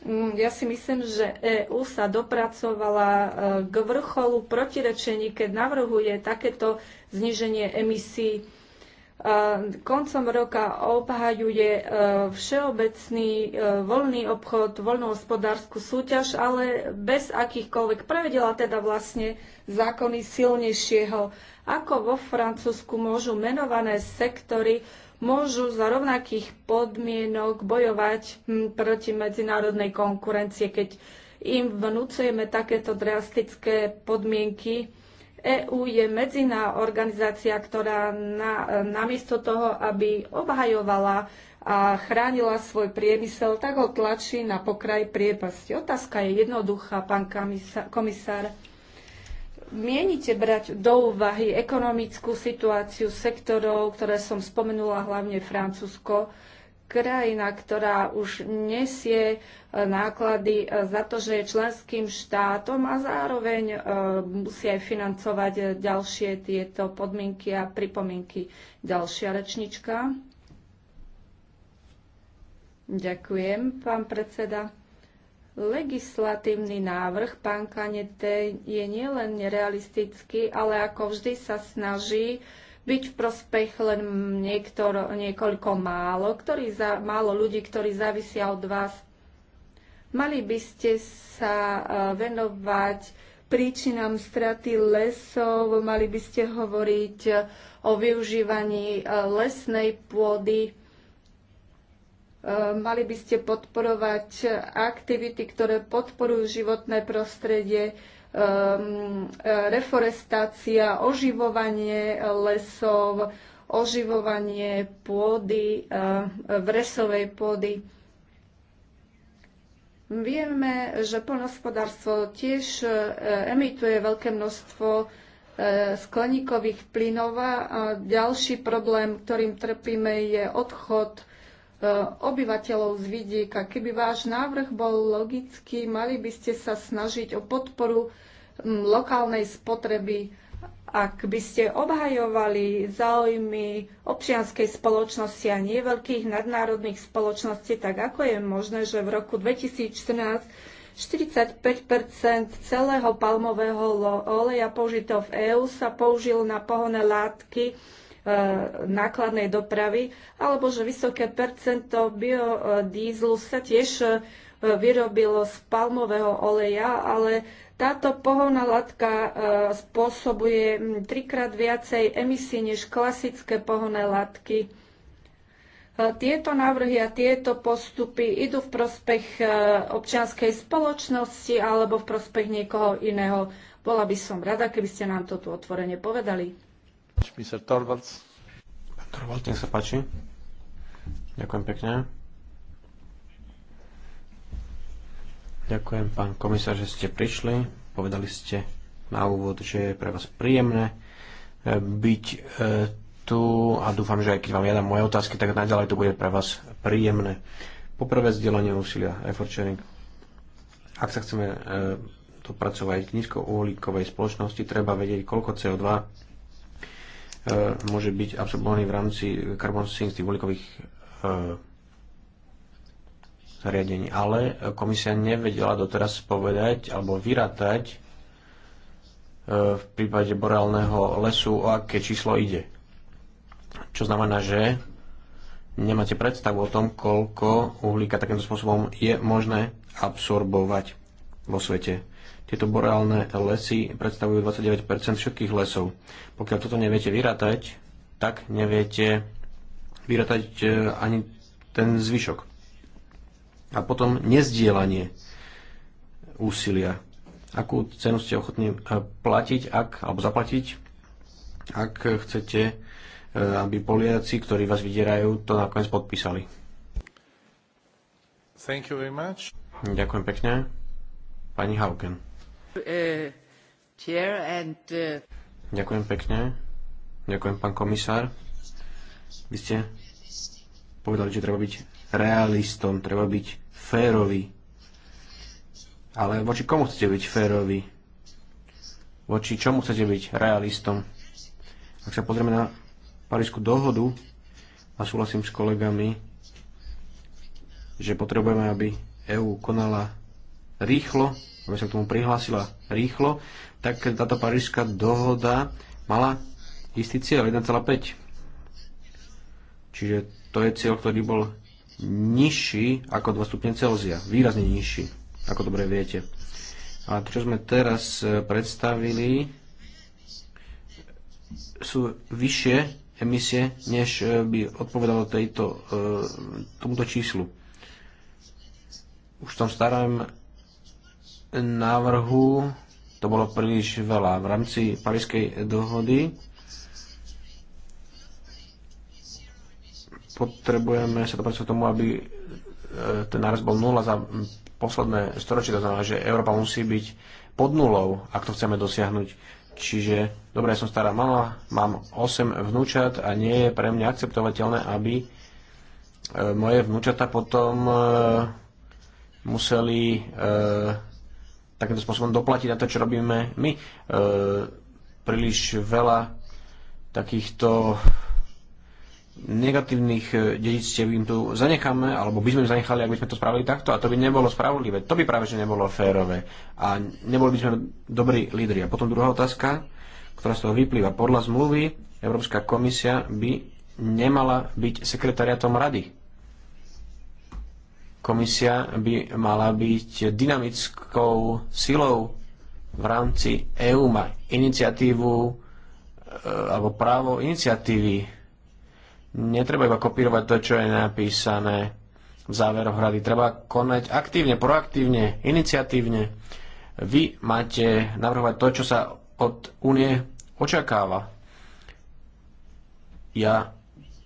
Mm, ja si myslím, že EÚ sa dopracovala e, k vrcholu protirečení, keď navrhuje takéto zníženie emisí koncom roka obhajuje e, všeobecný e, voľný obchod, voľnohospodárskú súťaž, ale bez akýchkoľvek pravidel, teda vlastne zákony silnejšieho. Ako vo Francúzsku môžu menované sektory môžu za rovnakých podmienok bojovať hm, proti medzinárodnej konkurencie, keď im vnúcujeme takéto drastické podmienky, EÚ je medziná organizácia, ktorá na, namiesto toho, aby obhajovala a chránila svoj priemysel, tak ho tlačí na pokraj priepasti. Otázka je jednoduchá, pán komisár. Mienite brať do úvahy ekonomickú situáciu sektorov, ktoré som spomenula, hlavne Francúzsko, krajina, ktorá už nesie e, náklady e, za to, že je členským štátom a zároveň e, musí aj financovať ďalšie tieto podmienky a pripomienky. Ďalšia rečnička. Ďakujem, pán predseda. Legislatívny návrh pán Kanete je nielen nerealistický, ale ako vždy sa snaží uh, byť v prospech len niektor, niekoľko málo, ktorí za, málo ľudí, ktorí závisia od vás. Mali by ste sa e, venovať príčinám straty lesov, mali by ste hovoriť e, o využívaní e, lesnej pôdy, mali by ste podporovať aktivity, ktoré podporujú životné prostredie, um, reforestácia, oživovanie lesov, oživovanie pôdy, uh, e, vresovej pôdy. Vieme, že poľnohospodárstvo tiež e, emituje veľké množstvo skleníkových plynov a ďalší problém, ktorým trpíme, je odchod E, obyvateľov z vidieka. Keby váš návrh bol logický, mali by ste sa snažiť o podporu lokálnej spotreby, ak by ste obhajovali záujmy občianskej spoločnosti a nie veľkých nadnárodných spoločností, tak ako je možné, že v roku 2014 45 celého palmového oleja použitého v EÚ sa použil na pohonné látky Eh, nákladnej dopravy, alebo že vysoké percento biodízlu sa tiež eh, vyrobilo z palmového oleja, ale táto pohovná látka eh, spôsobuje hm, trikrát viacej emisí než klasické pohonné látky. Tieto návrhy a tieto postupy idú v prospech občianskej spoločnosti alebo v prospech niekoho iného. Bola by som rada, keby ste nám to tu otvorene povedali. Mr. Torvalds. Torvalds, nech sa páči. Ďakujem pekne. Ďakujem, pán komisár, že ste prišli. Povedali ste na úvod, že je pre vás príjemné eh, byť eh, tu a dúfam, že aj keď vám ja dám moje otázky, tak naďalej to bude pre vás príjemné. Poprvé zdieľanie úsilia, effort sharing. Ak sa chceme eh, dopracovať k nízkouhlíkovej spoločnosti, treba vedieť, koľko CO2 E, môže byť absorbovaný v rámci carbon sink tých uhlíkových zariadení. E, Ale komisia nevedela doteraz povedať alebo vyrátať e, v prípade boreálneho lesu, o aké číslo ide. Čo znamená, že nemáte predstavu o tom, koľko uhlíka takýmto spôsobom je možné absorbovať vo svete. Tieto boreálne lesy predstavujú 29% všetkých lesov. Pokiaľ toto neviete vyrátať, tak neviete vyrátať e, ani ten zvyšok. A potom nezdielanie úsilia. Akú cenu ste ochotní e, platiť, ak, alebo zaplatiť, ak chcete, e, aby Poliaci, ktorí vás vydierajú, to nakoniec podpísali. Thank you very much. Ďakujem pekne. Pani Hauken. Uh, uh, Ďakujem pekne. Ďakujem, pán komisár. Vy ste povedali, že treba byť realistom, treba byť férový. Ale voči komu chcete byť férový? Voči čomu chcete byť realistom? Ak sa pozrieme na Parísku dohodu, a súhlasím s kolegami, že potrebujeme, aby EÚ konala rýchlo, aby sa k tomu prihlásila rýchlo, tak táto parížská dohoda mala istý cieľ 1,5. Čiže to je cieľ, ktorý bol nižší ako 2 stupne Celzia. Výrazne nižší, ako dobre viete. A to, čo sme teraz e, predstavili, sú vyššie emisie, než e, by odpovedalo tejto, e, tomuto číslu. Už tam starom návrhu to bolo príliš veľa. V rámci Parískej dohody potrebujeme sa dopracovať k tomu, aby e, ten náraz bol nula za posledné storočie. To znamená, že Európa musí byť pod nulou, ak to chceme dosiahnuť. Čiže, dobre, ja som stará mama, mám 8 vnúčat a nie je pre mňa akceptovateľné, aby e, moje vnúčata potom e, museli takýmto spôsobom doplatiť na to, čo robíme my. E, príliš veľa takýchto negatívnych e, dedičstiev im tu zanecháme, alebo by sme im zanechali, ak by sme to spravili takto, a to by nebolo spravodlivé. To by práve, že nebolo férové. A neboli by sme dobrí lídri. A potom druhá otázka, ktorá z toho vyplýva. Podľa zmluvy Európska komisia by nemala byť sekretariatom rady. Komisia by mala byť dynamickou silou v rámci EÚ, má iniciatívu e, alebo právo iniciatívy. Netreba iba kopírovať to, čo je napísané v záveroch rady. Treba konať aktívne, proaktívne, iniciatívne. Vy máte navrhovať to, čo sa od únie očakáva. Ja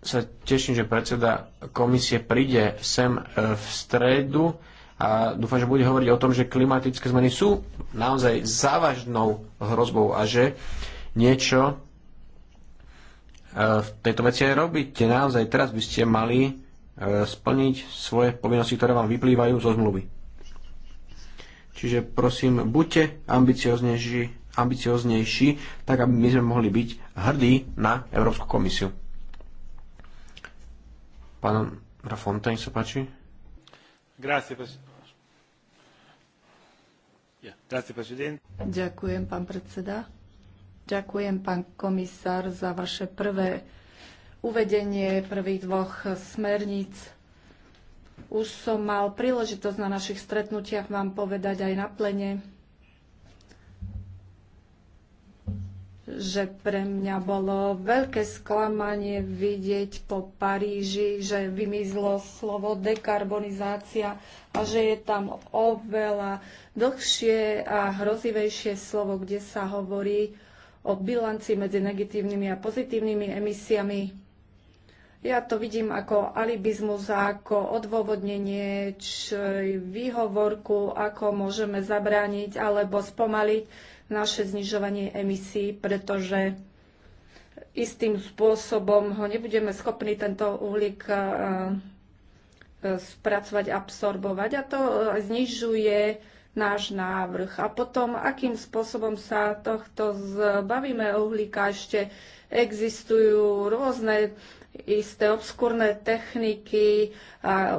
sa teším, že predseda komisie príde sem e, v stredu a dúfam, že bude hovoriť o tom, že klimatické zmeny sú naozaj závažnou hrozbou a že niečo e, v tejto veci aj robíte. Naozaj teraz by ste mali e, splniť svoje povinnosti, ktoré vám vyplývajú zo zmluvy. Čiže prosím, buďte ambicioznejší, ambicioznejší, tak aby my sme mohli byť hrdí na Európsku komisiu. Pán sa páči. Ďakujem, pán predseda. Ďakujem, pán komisár, za vaše prvé uvedenie prvých dvoch smerníc. Už som mal príležitosť na našich stretnutiach vám povedať aj na plene, že pre mňa bolo veľké sklamanie vidieť po Paríži, že vymizlo slovo dekarbonizácia a že je tam oveľa dlhšie a hrozivejšie slovo, kde sa hovorí o bilanci medzi negatívnymi a pozitívnymi emisiami ja to vidím ako alibizmus, ako odôvodnenie, či výhovorku, ako môžeme zabrániť alebo spomaliť naše znižovanie emisí, pretože istým spôsobom ho nebudeme schopní tento uhlík spracovať, absorbovať a to e, znižuje náš návrh. A potom, akým spôsobom sa tohto zbavíme uhlíka, ešte existujú rôzne isté obskúrne techniky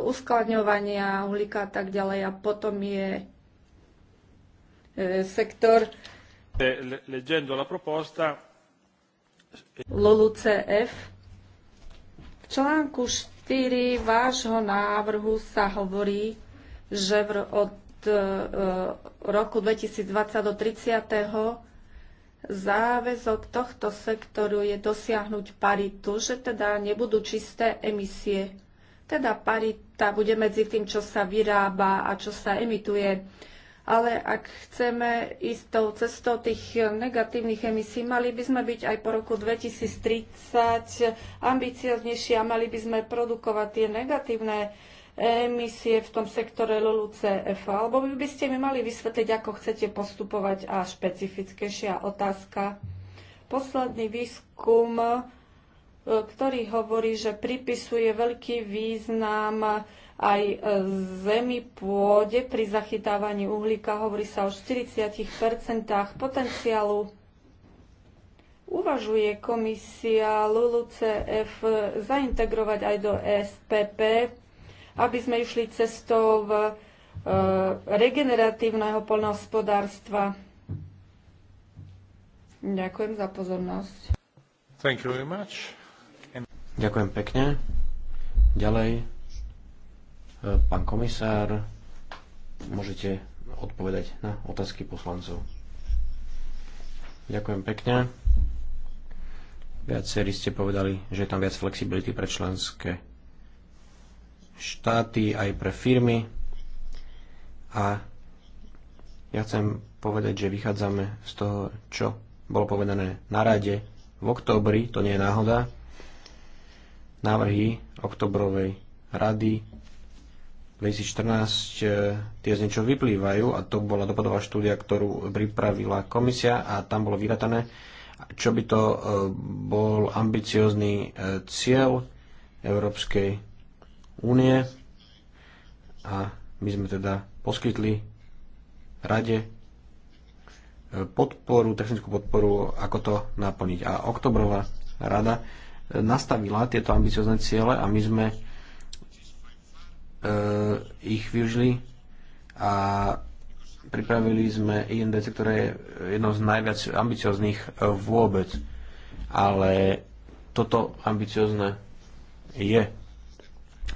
uskladňovania uhlíka a tak ďalej. A potom je e, sektor LULUCF. V článku 4 vášho návrhu sa hovorí, že od e, roku 2020 do 30. záväzok tohto sektoru je dosiahnuť paritu, že teda nebudú čisté emisie. Teda parita bude medzi tým, čo sa vyrába a čo sa emituje ale ak chceme ísť tou cestou tých negatívnych emisí, mali by sme byť aj po roku 2030 ambicioznejší a mali by sme produkovať tie negatívne emisie v tom sektore LULUCF. Alebo by, by ste mi mali vysvetliť, ako chcete postupovať a špecifickejšia otázka. Posledný výskum, e, ktorý hovorí, že pripisuje veľký význam aj e, zemi pôde pri zachytávaní uhlíka. Hovorí sa o 40 potenciálu. Uvažuje komisia LULUCF zaintegrovať aj do SPP, aby sme išli cestou v e, regeneratívneho poľnohospodárstva. Ďakujem za pozornosť. Thank you very much. And... Ďakujem pekne. Ďalej Pán komisár, môžete odpovedať na otázky poslancov. Ďakujem pekne. Viacerí ste povedali, že je tam viac flexibility pre členské štáty, aj pre firmy. A ja chcem povedať, že vychádzame z toho, čo bolo povedané na rade v októbri, to nie je náhoda, návrhy oktobrovej rady 2014 e, tie z niečo vyplývajú a to bola dopadová štúdia, ktorú pripravila komisia a tam bolo vyratané, čo by to e, bol ambiciózny e, cieľ Európskej únie a my sme teda poskytli rade podporu, technickú podporu, ako to naplniť. A oktobrová rada nastavila tieto ambiciozne ciele a my sme Eh, ich využili a pripravili sme INDC, ktoré je jedno z najviac ambicioznych eh, vôbec. Ale toto ambiciozne je.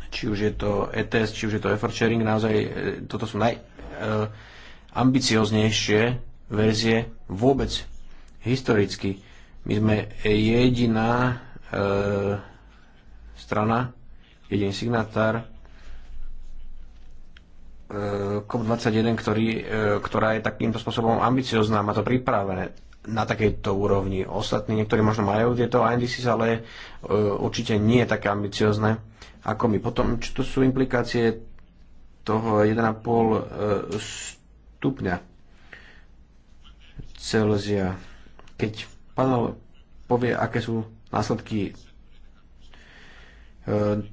Či už je to ETS, či už je to effort sharing, naozaj eh, toto sú najambicioznejšie verzie vôbec historicky. My sme jediná uh, strana, jediný signatár E, COP21, ktorý, e, ktorá je takýmto spôsobom ambiciozná, má to pripravené na takejto úrovni. Ostatní niektorí možno majú tieto INDCs, ale e, určite nie je také ambiciozne ako my. Potom, čo to sú implikácie toho 1,5 stupňa Celzia. Keď panel povie, aké sú následky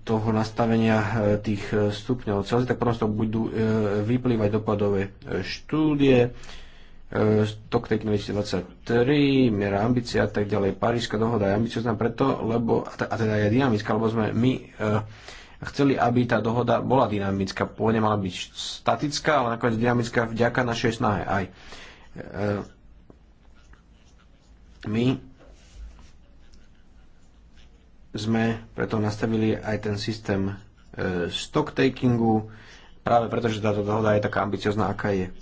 toho nastavenia e, tých e, stupňov Celzia, tak prosto budú e, vyplývať dopadové štúdie, stock Tech 2023, miera ambície a tak ďalej. Parížska dohoda je ambiciozná preto, lebo, a teda je dynamická, lebo sme my chceli, aby tá dohoda bola dynamická. Pôvodne mala byť statická, ale nakoniec dynamická vďaka našej snahe aj. My sme preto nastavili aj ten systém e, stocktakingu, práve preto, že táto dohoda je taká ambiciozná, aká je.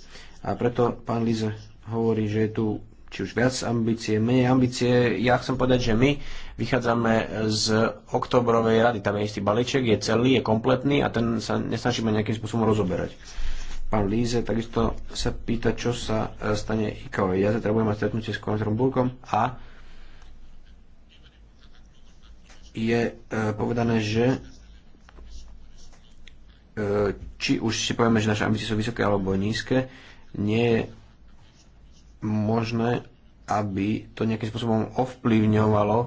A preto pán Lize hovorí, že je tu či už viac ambície, menej ambície. Ja chcem povedať, že my vychádzame z oktobrovej rady. Tam je istý balíček, je celý, je kompletný a ten sa nesnažíme nejakým spôsobom rozoberať. Pán Líze takisto sa pýta, čo sa e, stane IKO. Ja zatiaľ mať stretnutie s Konzorom Burkom a je e, povedané, že e, či už si povieme, že naše ambície sú vysoké alebo nízke, nie je možné, aby to nejakým spôsobom ovplyvňovalo e,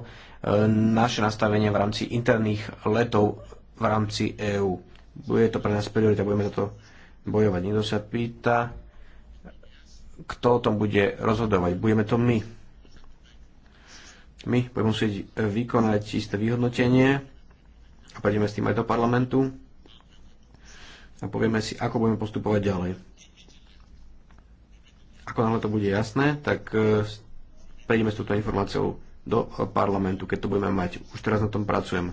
naše nastavenie v rámci interných letov v rámci EÚ. Bude to pre nás priorita, budeme za to bojovať. Niekto sa pýta, kto o tom bude rozhodovať. Budeme to my. My budeme musieť e, vykonať isté vyhodnotenie a prejdeme s tým aj do parlamentu a povieme si, ako budeme postupovať ďalej. Ako náhle to bude jasné, tak e, prejdeme s touto informáciou do e, parlamentu, keď to budeme mať. Už teraz na tom pracujem.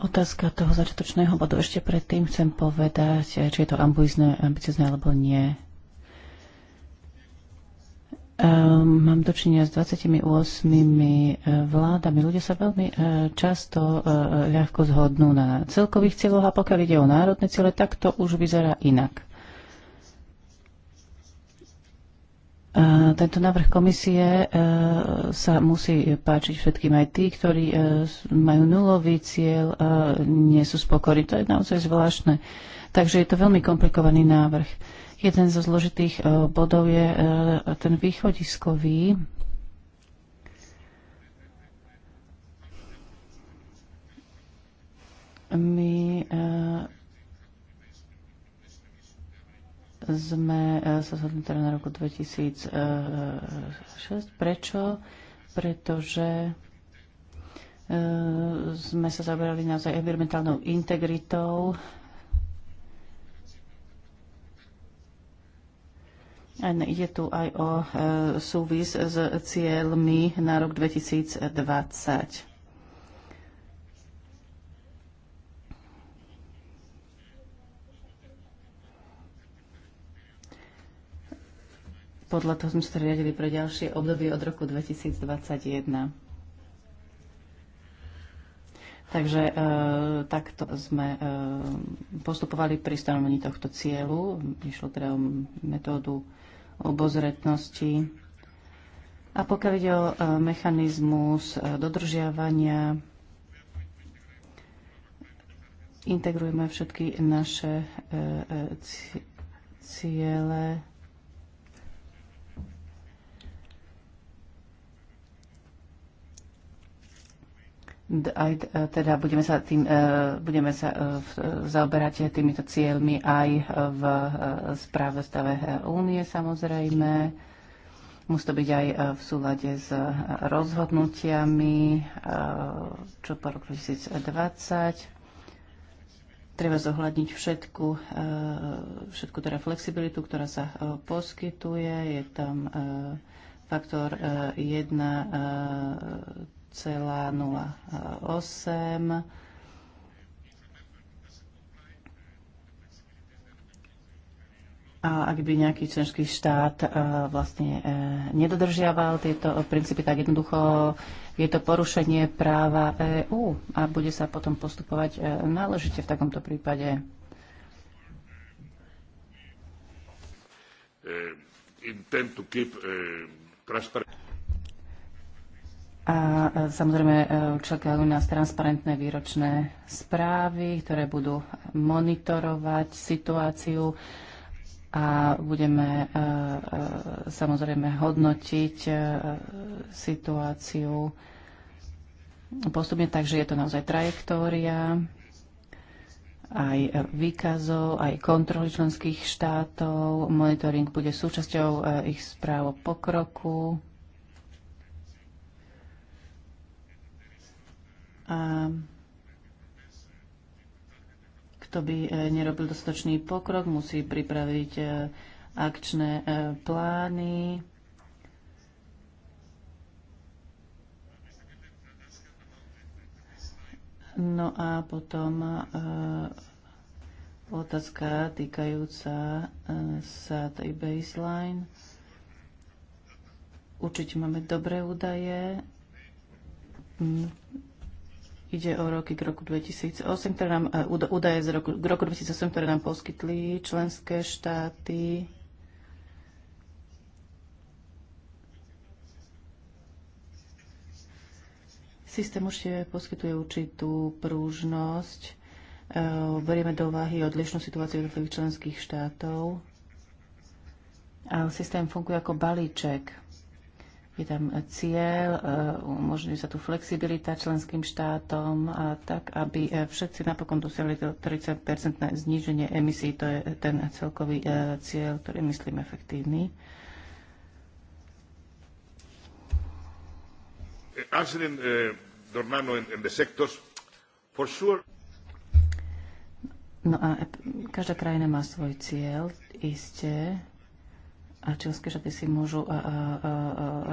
Otázka toho začiatočného bodu. Ešte predtým chcem povedať, či je to ambuizné, ambiciozné alebo nie. Um, mám dočinia s 28 e, vládami. Ľudia sa veľmi uh, často uh, ľahko zhodnú na celkových cieľoch a pokiaľ ide o národné ciele, tak to už vyzerá inak. Tento návrh komisie e, sa musí páčiť všetkým aj tí, ktorí e, majú nulový cieľ, nie sú spokojní. To je naozaj zvláštne. Takže je to veľmi komplikovaný návrh. Jeden zo zložitých e, bodov je ten východiskový. My sme e, sa zhodli teda na roku 2006. Prečo? Pretože e, sme sa zaberali naozaj environmentálnou integritou Ide tu aj o e, súvis s cieľmi na rok 2020. podľa toho sme sa teda riadili pre ďalšie obdobie od roku 2021. Takže e, takto sme e, postupovali pri stanovení tohto cieľu. Išlo teda o metódu obozretnosti. A pokiaľ ide o e, mechanizmus e, dodržiavania, integrujeme všetky naše e, e, ciele aj e, teda budeme sa, tým, e, budeme sa e, zaoberať týmito cieľmi aj v správe stave únie samozrejme. Musí to byť aj v súlade s rozhodnutiami, čo po roku 2020 treba zohľadniť všetku, všetku teda flexibilitu, ktorá sa poskytuje. Je tam faktor 1, a ak by nejaký členský štát eh, vlastne eh, nedodržiaval tieto princípy, tak jednoducho je to porušenie práva EÚ a bude sa potom postupovať eh, náležite v takomto prípade. Intentu keep transparent. A samozrejme e, čakajú nás transparentné výročné správy, ktoré budú monitorovať situáciu a budeme e, e, samozrejme hodnotiť situáciu postupne, takže je to naozaj trajektória aj výkazov, aj kontroly členských štátov. Monitoring bude súčasťou ich správ o pokroku A kto by e, nerobil dostatočný pokrok, musí pripraviť e, akčné e, plány. No a potom otázka týkajúca sa tej baseline. Určite máme dobré údaje Ide o roky k roku 2008, ktoré nám, e, údaje z roku, k roku 2008, ktoré nám poskytli členské štáty. Systém určite poskytuje určitú prúžnosť. E, berieme do úvahy odlišnú situáciu jednotlivých členských štátov. A systém funguje ako balíček je tam cieľ, e, umožňuje sa tu flexibilita členským štátom, a tak aby e, všetci napokon dosiahli to 30-percentné zníženie emisí. To je ten celkový e, cieľ, ktorý myslím efektívny. No a každá krajina má svoj cieľ, isté členské štáty si môžu e, e, e,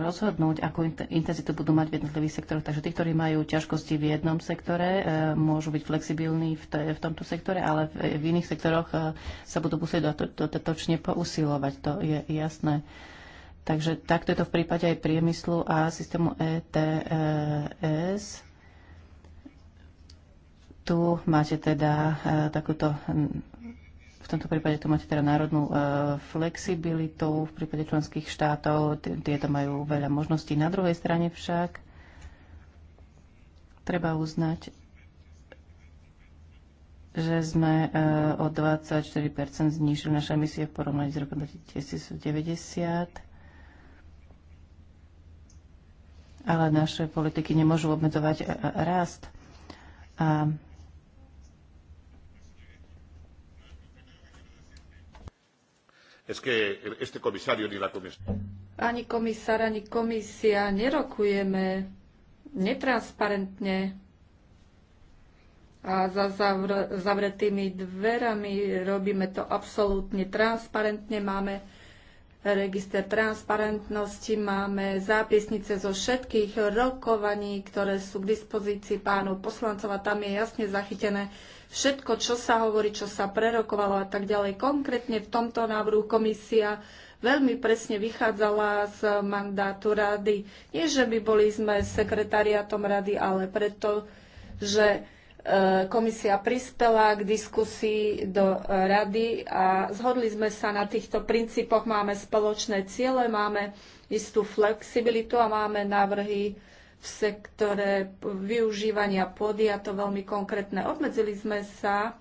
rozhodnúť, akú intenzitu budú mať v jednotlivých sektoroch. Takže tí, ktorí majú ťažkosti v jednom sektore, môžu byť flexibilní v, v tomto sektore, ale v, iných sektoroch sa budú musieť dodatočne pousilovať. To je jasné. Takže takto je to v prípade aj priemyslu a systému ETS. Tu máte teda takúto v tomto prípade tu máte teda národnú e, flexibilitu v prípade členských štátov. Tieto majú veľa možností. Na druhej strane však treba uznať, že sme e, o 24 znižili naše emisie v porovnaní s rokom 1990. Ale naše politiky nemôžu obmedzovať e, rast. A es que este comisario ni la comisión. Ani komisár, ani komisia nerokujeme netransparentne a za zavr- zavretými dverami robíme to absolútne transparentne. Máme register transparentnosti, máme zápisnice zo všetkých rokovaní, ktoré sú k dispozícii pánu poslancov a tam je jasne zachytené, všetko, čo sa hovorí, čo sa prerokovalo a tak ďalej. Konkrétne v tomto návrhu komisia veľmi presne vychádzala z mandátu rady. Nie, že by boli sme sekretariatom rady, ale preto, že e, komisia prispela k diskusii do rady a zhodli sme sa na týchto princípoch. Máme spoločné ciele, máme istú flexibilitu a máme návrhy v sektore využívania pôdy a to veľmi konkrétne. Obmedzili sme sa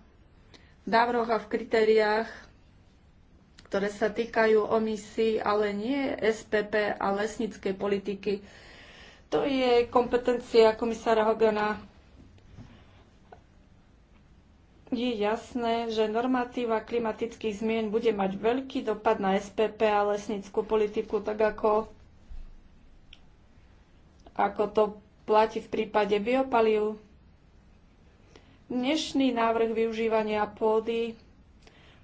v návrhoch a v kritériách, ktoré sa týkajú omisí, ale nie SPP a lesníckej politiky. To je kompetencia komisára Hogana. Je jasné, že normatíva klimatických zmien bude mať veľký dopad na SPP a lesnickú politiku, tak ako ako to platí v prípade biopalív. Dnešný návrh využívania pôdy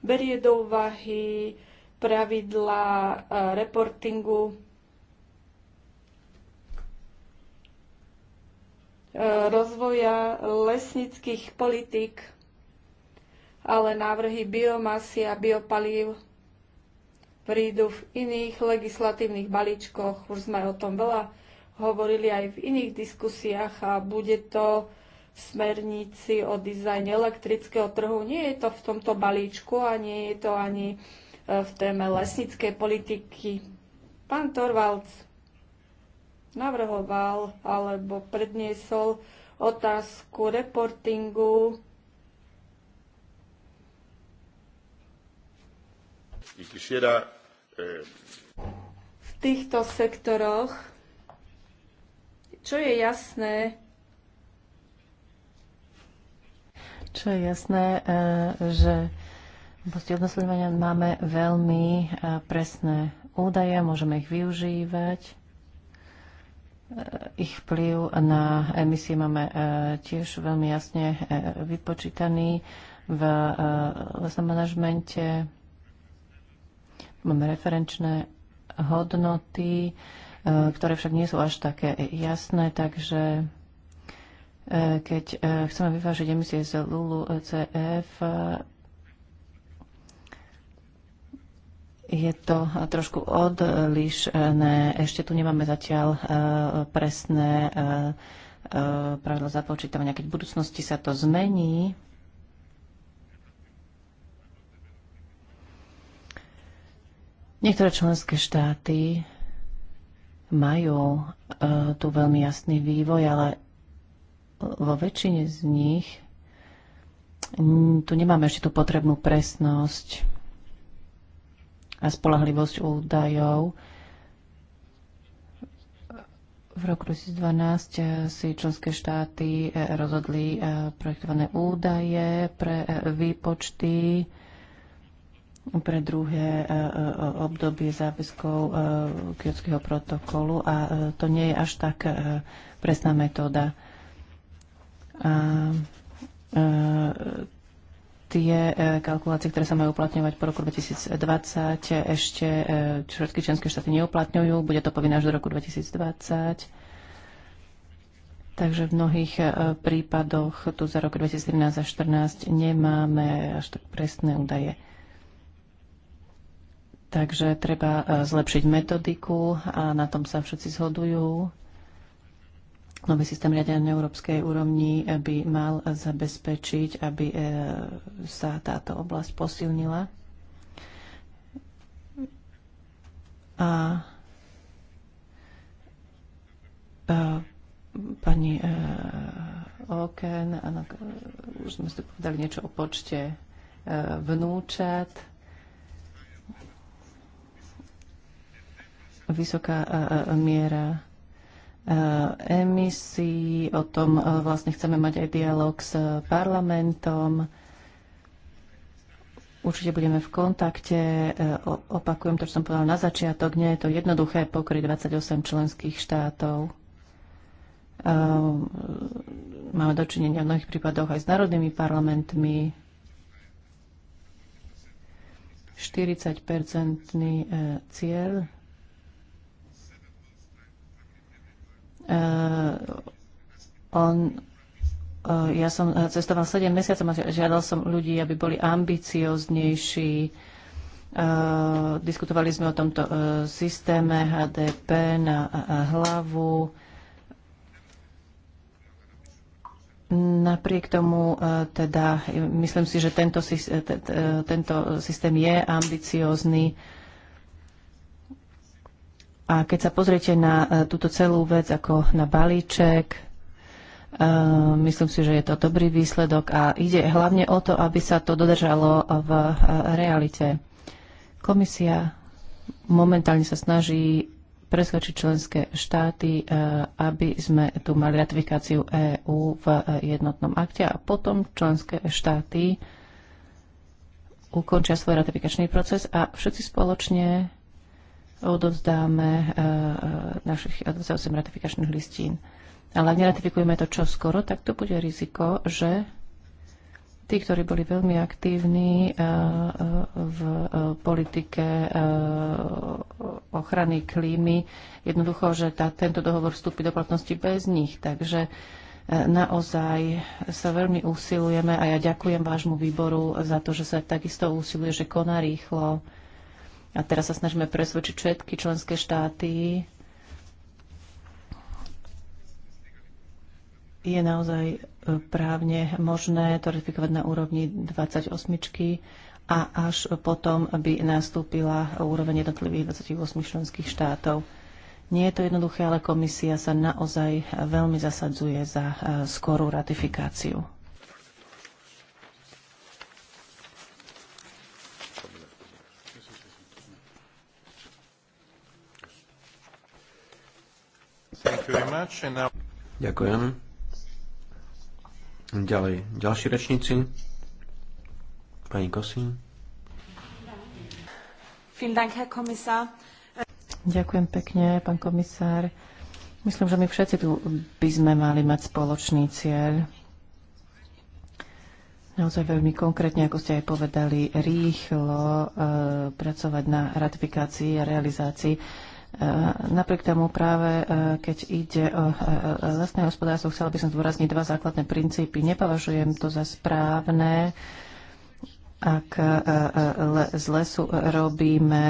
berie do úvahy pravidla e, reportingu e, rozvoja lesnických politík, ale návrhy biomasy a biopalív prídu v iných legislatívnych balíčkoch. Už sme o tom veľa hovorili aj v iných diskusiách a bude to v smernici o dizajne elektrického trhu. Nie je to v tomto balíčku a nie je to ani e, v téme lesnickej politiky. Pán Torvalds navrhoval alebo predniesol otázku reportingu eh, v týchto sektoroch čo je jasné, čo je jasné, e, že v oblasti odnosledovania máme veľmi e, presné údaje, môžeme ich využívať. E, ich vplyv na emisie máme tiež veľmi jasne vypočítaný v lesnom manažmente. Máme referenčné hodnoty, Eh, ktoré však nie sú až také jasné, takže eh, keď eh, chceme vyvážiť emisie z LULU CF, je to trošku odlišné. Ešte tu nemáme zatiaľ presné pravidlo započítavania. Keď v budúcnosti sa to zmení, niektoré členské štáty majú e, tu veľmi jasný vývoj, ale vo väčšine z nich tu nemáme ešte tú potrebnú presnosť a spolahlivosť údajov. V roku 2012 e, si členské štáty e, rozhodli projektované údaje pre výpočty pre druhé e, e, e, obdobie záväzkov Kyotského protokolu a to nie je až tak presná metóda. A, tie kalkulácie, ktoré sa majú uplatňovať po roku 2020, ešte všetky členské štáty neuplatňujú, bude to povinné až do roku 2020. Takže v mnohých prípadoch tu za rok 2013 a 2014 nemáme až tak presné údaje. Takže treba e, zlepšiť metodiku a na tom sa všetci zhodujú. Nový systém riadenia na európskej úrovni e, by mal zabezpečiť, aby e, sa táto oblasť posilnila. A pani Oken, už sme si povedali niečo o počte vnúčat vysoká e, e, miera e, emisí, o tom vlastne chceme mať aj dialog s parlamentom. Určite budeme v kontakte. Opakujem to, čo som povedal na začiatok. Nie je to jednoduché pokryť 28 členských štátov. Máme dočinenia v mnohých prípadoch aj s národnými parlamentmi. 40-percentný cieľ Eh, on, eh, ja som eh, cestoval 7 mesiacov a žiadal som ľudí, aby boli ambicioznejší. Diskutovali sme o tomto systéme HDP na hlavu. Napriek tomu, teda, myslím si, že tento, tento systém je ambiciózny a keď sa pozriete na e, túto celú vec ako na balíček, e, myslím si, že je to dobrý výsledok a ide hlavne o to, aby sa to dodržalo v e, realite. Komisia momentálne sa snaží presvedčiť členské štáty, aby sme tu mali ratifikáciu EÚ v jednotnom akte a potom členské štáty ukončia svoj ratifikačný proces a všetci spoločne odovzdáme e, e, našich 28 ratifikačných listín. Ale ak neratifikujeme to čo skoro, tak to bude riziko, že tí, ktorí boli veľmi aktívni e, v politike ochrany klímy, jednoducho, že tá, tento dohovor vstúpi do platnosti bez nich. Takže naozaj sa veľmi usilujeme a ja ďakujem vášmu výboru za to, že sa takisto usiluje, že koná rýchlo a teraz sa snažíme presvedčiť všetky členské štáty. Je naozaj e, právne možné to ratifikovať na úrovni 28 a až potom by nastúpila úroveň jednotlivých 28 členských štátov. Nie je to jednoduché, ale komisia sa naozaj veľmi zasadzuje za e, skorú ratifikáciu. Ďakujem. Ďalej, ďalší rečníci. Pani Kosin. Ďakujem pekne, pán komisár. Myslím, že my všetci tu by sme mali mať spoločný cieľ. Naozaj veľmi konkrétne, ako ste aj povedali, rýchlo e, pracovať na ratifikácii a realizácii E, napriek tomu práve, e, keď ide o e, lesné hospodárstvo, chcela by som zdôrazniť dva základné princípy. Nepovažujem to za správne, ak z lesu robíme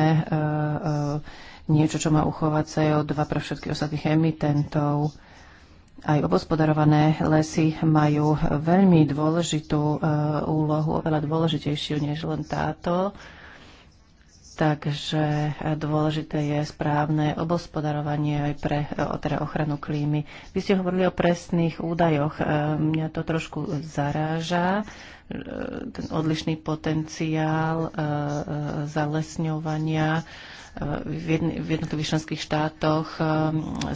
niečo, čo má uchovať CO2 pre všetkých ostatných emitentov. Aj obospodarované lesy majú veľmi dôležitú úlohu, oveľa dôležitejšiu než len táto. Takže dôležité je správne obospodarovanie aj pre teda ochranu klímy. Vy ste hovorili o presných údajoch. E, mňa to trošku zaráža, e, ten odlišný potenciál e, zalesňovania v jednotlivých členských štátoch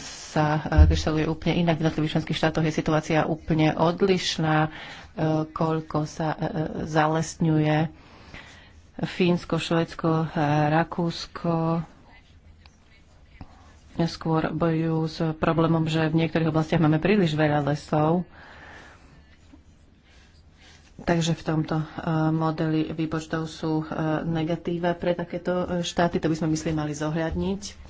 sa kryštaluje úplne inak. V jednotlivých členských štátoch je situácia úplne odlišná, koľko sa zalesňuje Fínsko, Švedsko, Rakúsko skôr bojujú s problémom, že v niektorých oblastiach máme príliš veľa lesov. Takže v tomto eh, modeli výpočtov sú eh, negatíva pre takéto štáty. To by sme, myslím, mali zohľadniť.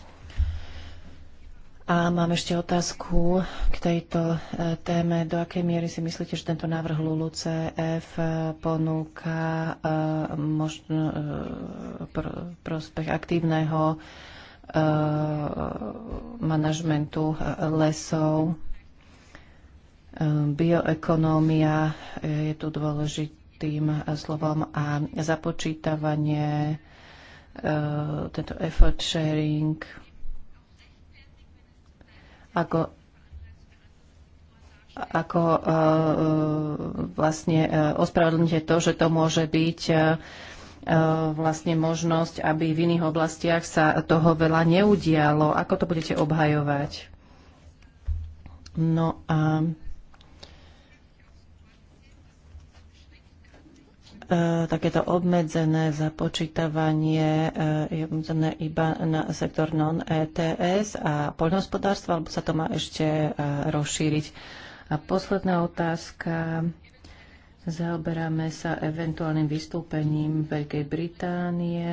A mám ešte otázku k tejto e, téme. Do akej miery si myslíte, že tento návrh LULUCF e, ponúka e, možno prospech aktívneho manažmentu lesov? Bioekonómia je tu dôležitým slovom a započítavanie, tento effort sharing, ako ako uh, vlastne uh, e, ospravedlníte to, že to môže byť uh, vlastne možnosť, aby v iných oblastiach sa toho veľa neudialo. Ako to budete obhajovať? No a E, takéto obmedzené započítavanie e, je obmedzené iba na sektor non-ETS a poľnohospodárstva, alebo sa to má ešte e, rozšíriť. A posledná otázka. Zaoberáme sa eventuálnym vystúpením Veľkej Británie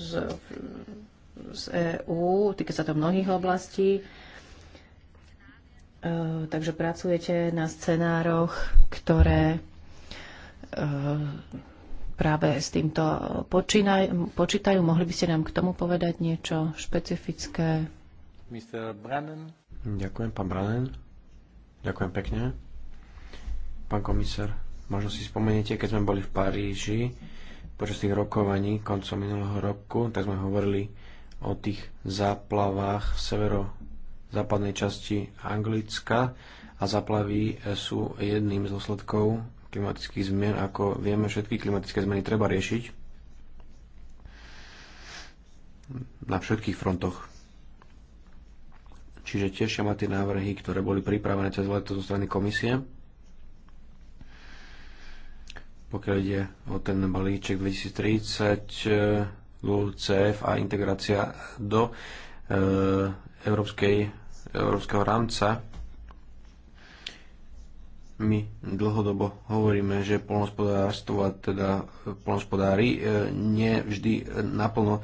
z, z EÚ. Týka sa to mnohých oblastí. Takže pracujete na scenároch, ktoré E, práve s týmto počínaj, počítajú. Mohli by ste nám k tomu povedať niečo špecifické? Mr. Brannen. Ďakujem, pán Brannen. Ďakujem pekne. Pán komisár, možno si spomeniete, keď sme boli v Paríži počas tých rokovaní koncom minulého roku, tak sme hovorili o tých záplavách v severo-západnej časti Anglicka a záplavy sú jedným z dôsledkov klimatických zmien. Ako vieme, všetky klimatické zmeny treba riešiť na všetkých frontoch. Čiže tešia ma tie návrhy, ktoré boli pripravené cez leto zo strany komisie. Pokiaľ ide o ten balíček 2030, eh, LULCF a integrácia do e, európskej, európskeho rámca my dlhodobo hovoríme, že polnospodárstvo a teda e, polnospodári e, nevždy e, naplno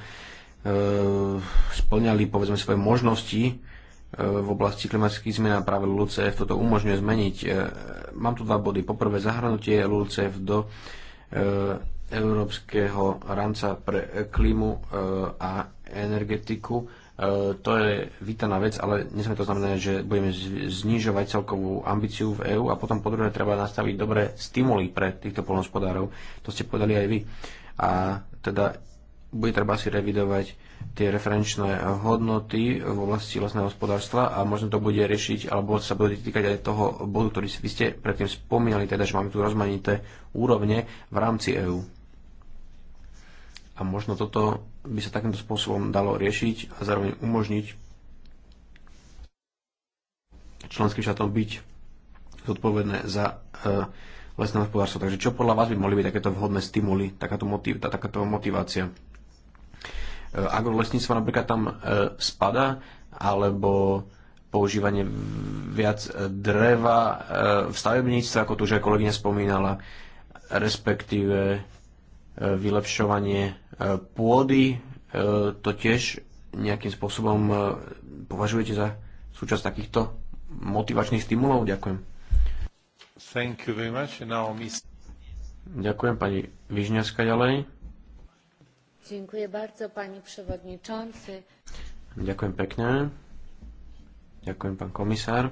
splňali povedzme svoje možnosti v oblasti klimatických zmien a práve LULCF toto umožňuje zmeniť. Mám tu dva body. Poprvé zahrnutie LULCF do európskeho rámca pre klímu a energetiku E, to je vítaná vec, ale nesme to znamená, že budeme znižovať celkovú ambíciu v EÚ a potom podruhé treba nastaviť dobré stimuly pre týchto polnospodárov. To ste povedali aj vy. A teda bude treba si revidovať tie referenčné hodnoty v oblasti vlastného hospodárstva a možno to bude riešiť, alebo sa bude týkať aj toho bodu, ktorý vy ste predtým spomínali, teda, že máme tu rozmanité úrovne v rámci EÚ. A možno toto by sa takýmto spôsobom dalo riešiť a zároveň umožniť členským štátom byť zodpovedné za uh, lesné hospodárstvo. Takže čo podľa vás by mohli byť takéto vhodné stimuly, takáto, motiv, tá, takáto motivácia? E, agrolesníctvo napríklad tam uh, e, spada, alebo používanie viac dreva e, v stavebníctve, ako tu už aj kolegyňa spomínala, respektíve vylepšovanie pôdy, e, to tiež nejakým spôsobom e, považujete za súčasť takýchto motivačných stimulov? Ďakujem. Thank you very much. Now, miss... Ďakujem pani Vyžňaska ďalej. Ďakujem bardzo, pani przewodniczący. Ďakujem pekne. Ďakujem, pán komisár.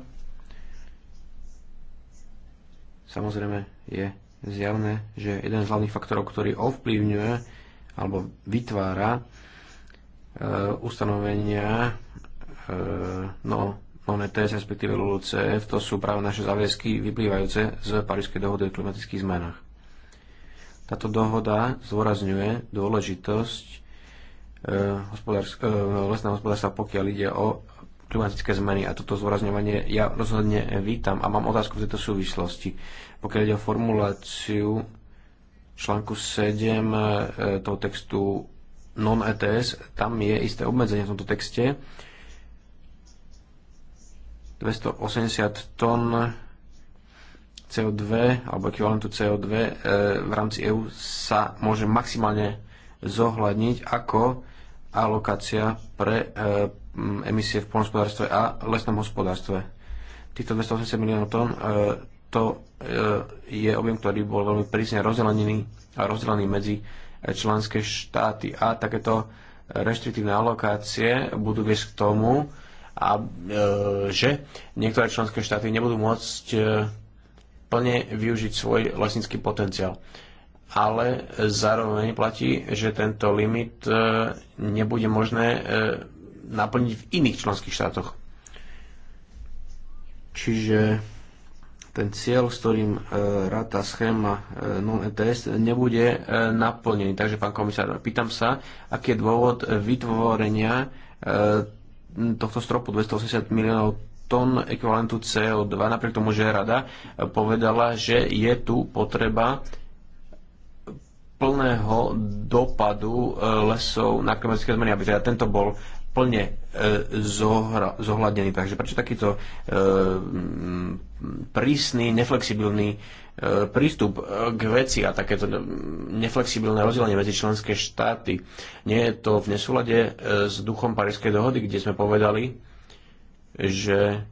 Samozrejme je zjavné, že jeden z hlavných faktorov, ktorý ovplyvňuje alebo vytvára e, ustanovenia e, no, non ETS, respektíve LULCF, to sú práve naše záväzky vyplývajúce z Parížskej dohody o klimatických zmenách. Táto dohoda zdôrazňuje dôležitosť e, e, lesného hospodárstva, pokiaľ ide o klimatické zmeny a toto zdôrazňovanie ja rozhodne vítam a mám otázku v tejto súvislosti. Pokiaľ ide o formuláciu článku 7 e, toho textu non-ETS, tam je isté obmedzenie v tomto texte. 280 tón CO2 alebo ekvivalentu CO2 e, v rámci EÚ sa môže maximálne zohľadniť ako alokácia pre e, emisie v polnospodárstve a lesnom hospodárstve. Týchto 280 miliónov tón to e, je objem, ktorý bol veľmi prísne rozdelený a rozdelený medzi členské štáty. A takéto reštriktívne alokácie budú viesť k tomu, a, e, že niektoré členské štáty nebudú môcť e, plne využiť svoj lesnícky potenciál. Ale zároveň platí, že tento limit nebude možné naplniť v iných členských štátoch. Čiže ten cieľ, s ktorým e, ráta schéma e, non-ETS, nebude e, naplnený. Takže, pán komisár, pýtam sa, aký je dôvod vytvorenia tohto stropu 280 miliónov tón ekvivalentu CO2, napriek tomu, že rada povedala, že je tu potreba plného dopadu lesov na klimatické zmeny, aby teda tento bol plne e, zohra, zohľadnený. Takže prečo takýto e, prísny, neflexibilný e, prístup k veci a takéto neflexibilné rozdelenie medzi členské štáty. Nie je to v nesúlade s duchom Parískej dohody, kde sme povedali, že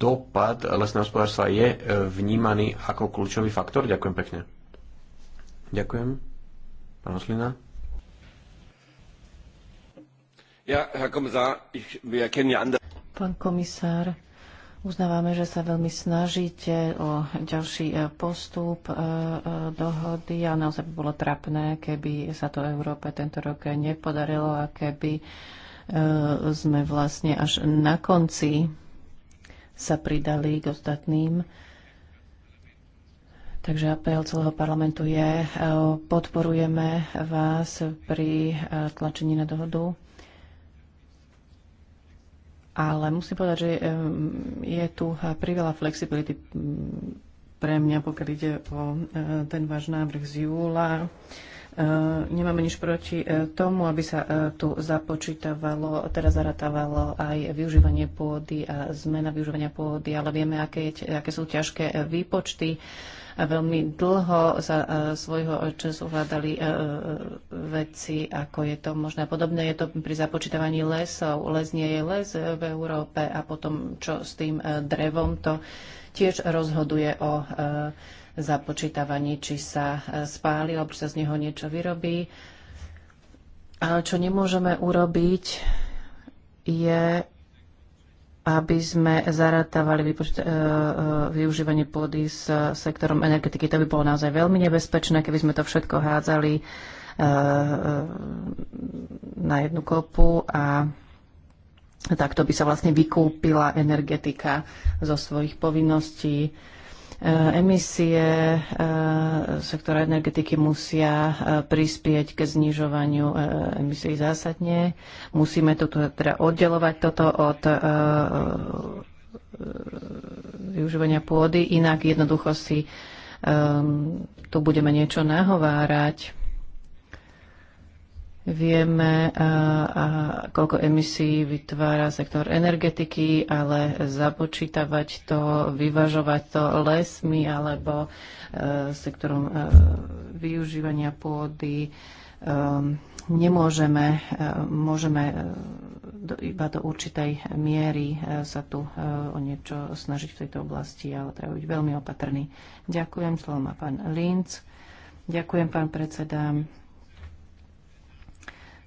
dopad lesného hospodárstva je vnímaný ako kľúčový faktor. Ďakujem pekne. Ďakujem. Pán Oslina. Pán komisár, uznávame, že sa veľmi snažíte o ďalší e, postup e, e, dohody a naozaj by bolo trapné, keby sa to Európe tento rok nepodarilo a keby sme vlastne až na konci sa pridali k ostatným. Takže apel celého parlamentu je, podporujeme vás pri tlačení na dohodu. Ale musím povedať, že je tu eh, priveľa flexibility mm, pre mňa, pokiaľ ide o eh, ten váš návrh z júla. Eh, nemáme nič proti tomu, aby sa tu započítavalo, teda zaratávalo aj využívanie pôdy a zmena využívania pôdy, ale vieme, aké, aké sú ťažké výpočty veľmi dlho za e, svojho času hľadali e, e, veci, ako je to možné. Podobné je to pri započítavaní lesov. Les nie je les v Európe a potom čo s tým drevom, to tiež rozhoduje o započítavaní, či sa spáli, alebo či sa z neho niečo vyrobí. Ale čo nemôžeme urobiť, je aby sme zaratávali vypočet, e, e, využívanie pôdy s sektorom energetiky. To by bolo naozaj veľmi nebezpečné, keby sme to všetko hádzali e, e na jednu kopu a takto by sa vlastne vykúpila energetika zo svojich povinností. Eh, emisie eh, sektora energetiky musia eh, prispieť k znižovaniu emisí zásadne. Musíme to teda oddelovať toto od využívania pôdy, inak jednoducho si tu budeme niečo nahovárať. Vieme, koľko emisí vytvára sektor energetiky, ale započítavať to, vyvažovať to lesmi alebo e, sektorom e, využívania pôdy e, nemôžeme, môžeme iba do určitej miery sa tu o niečo snažiť v tejto oblasti, ale treba byť veľmi opatrný. Ďakujem, slovo má pán Linc. Ďakujem, pán predseda.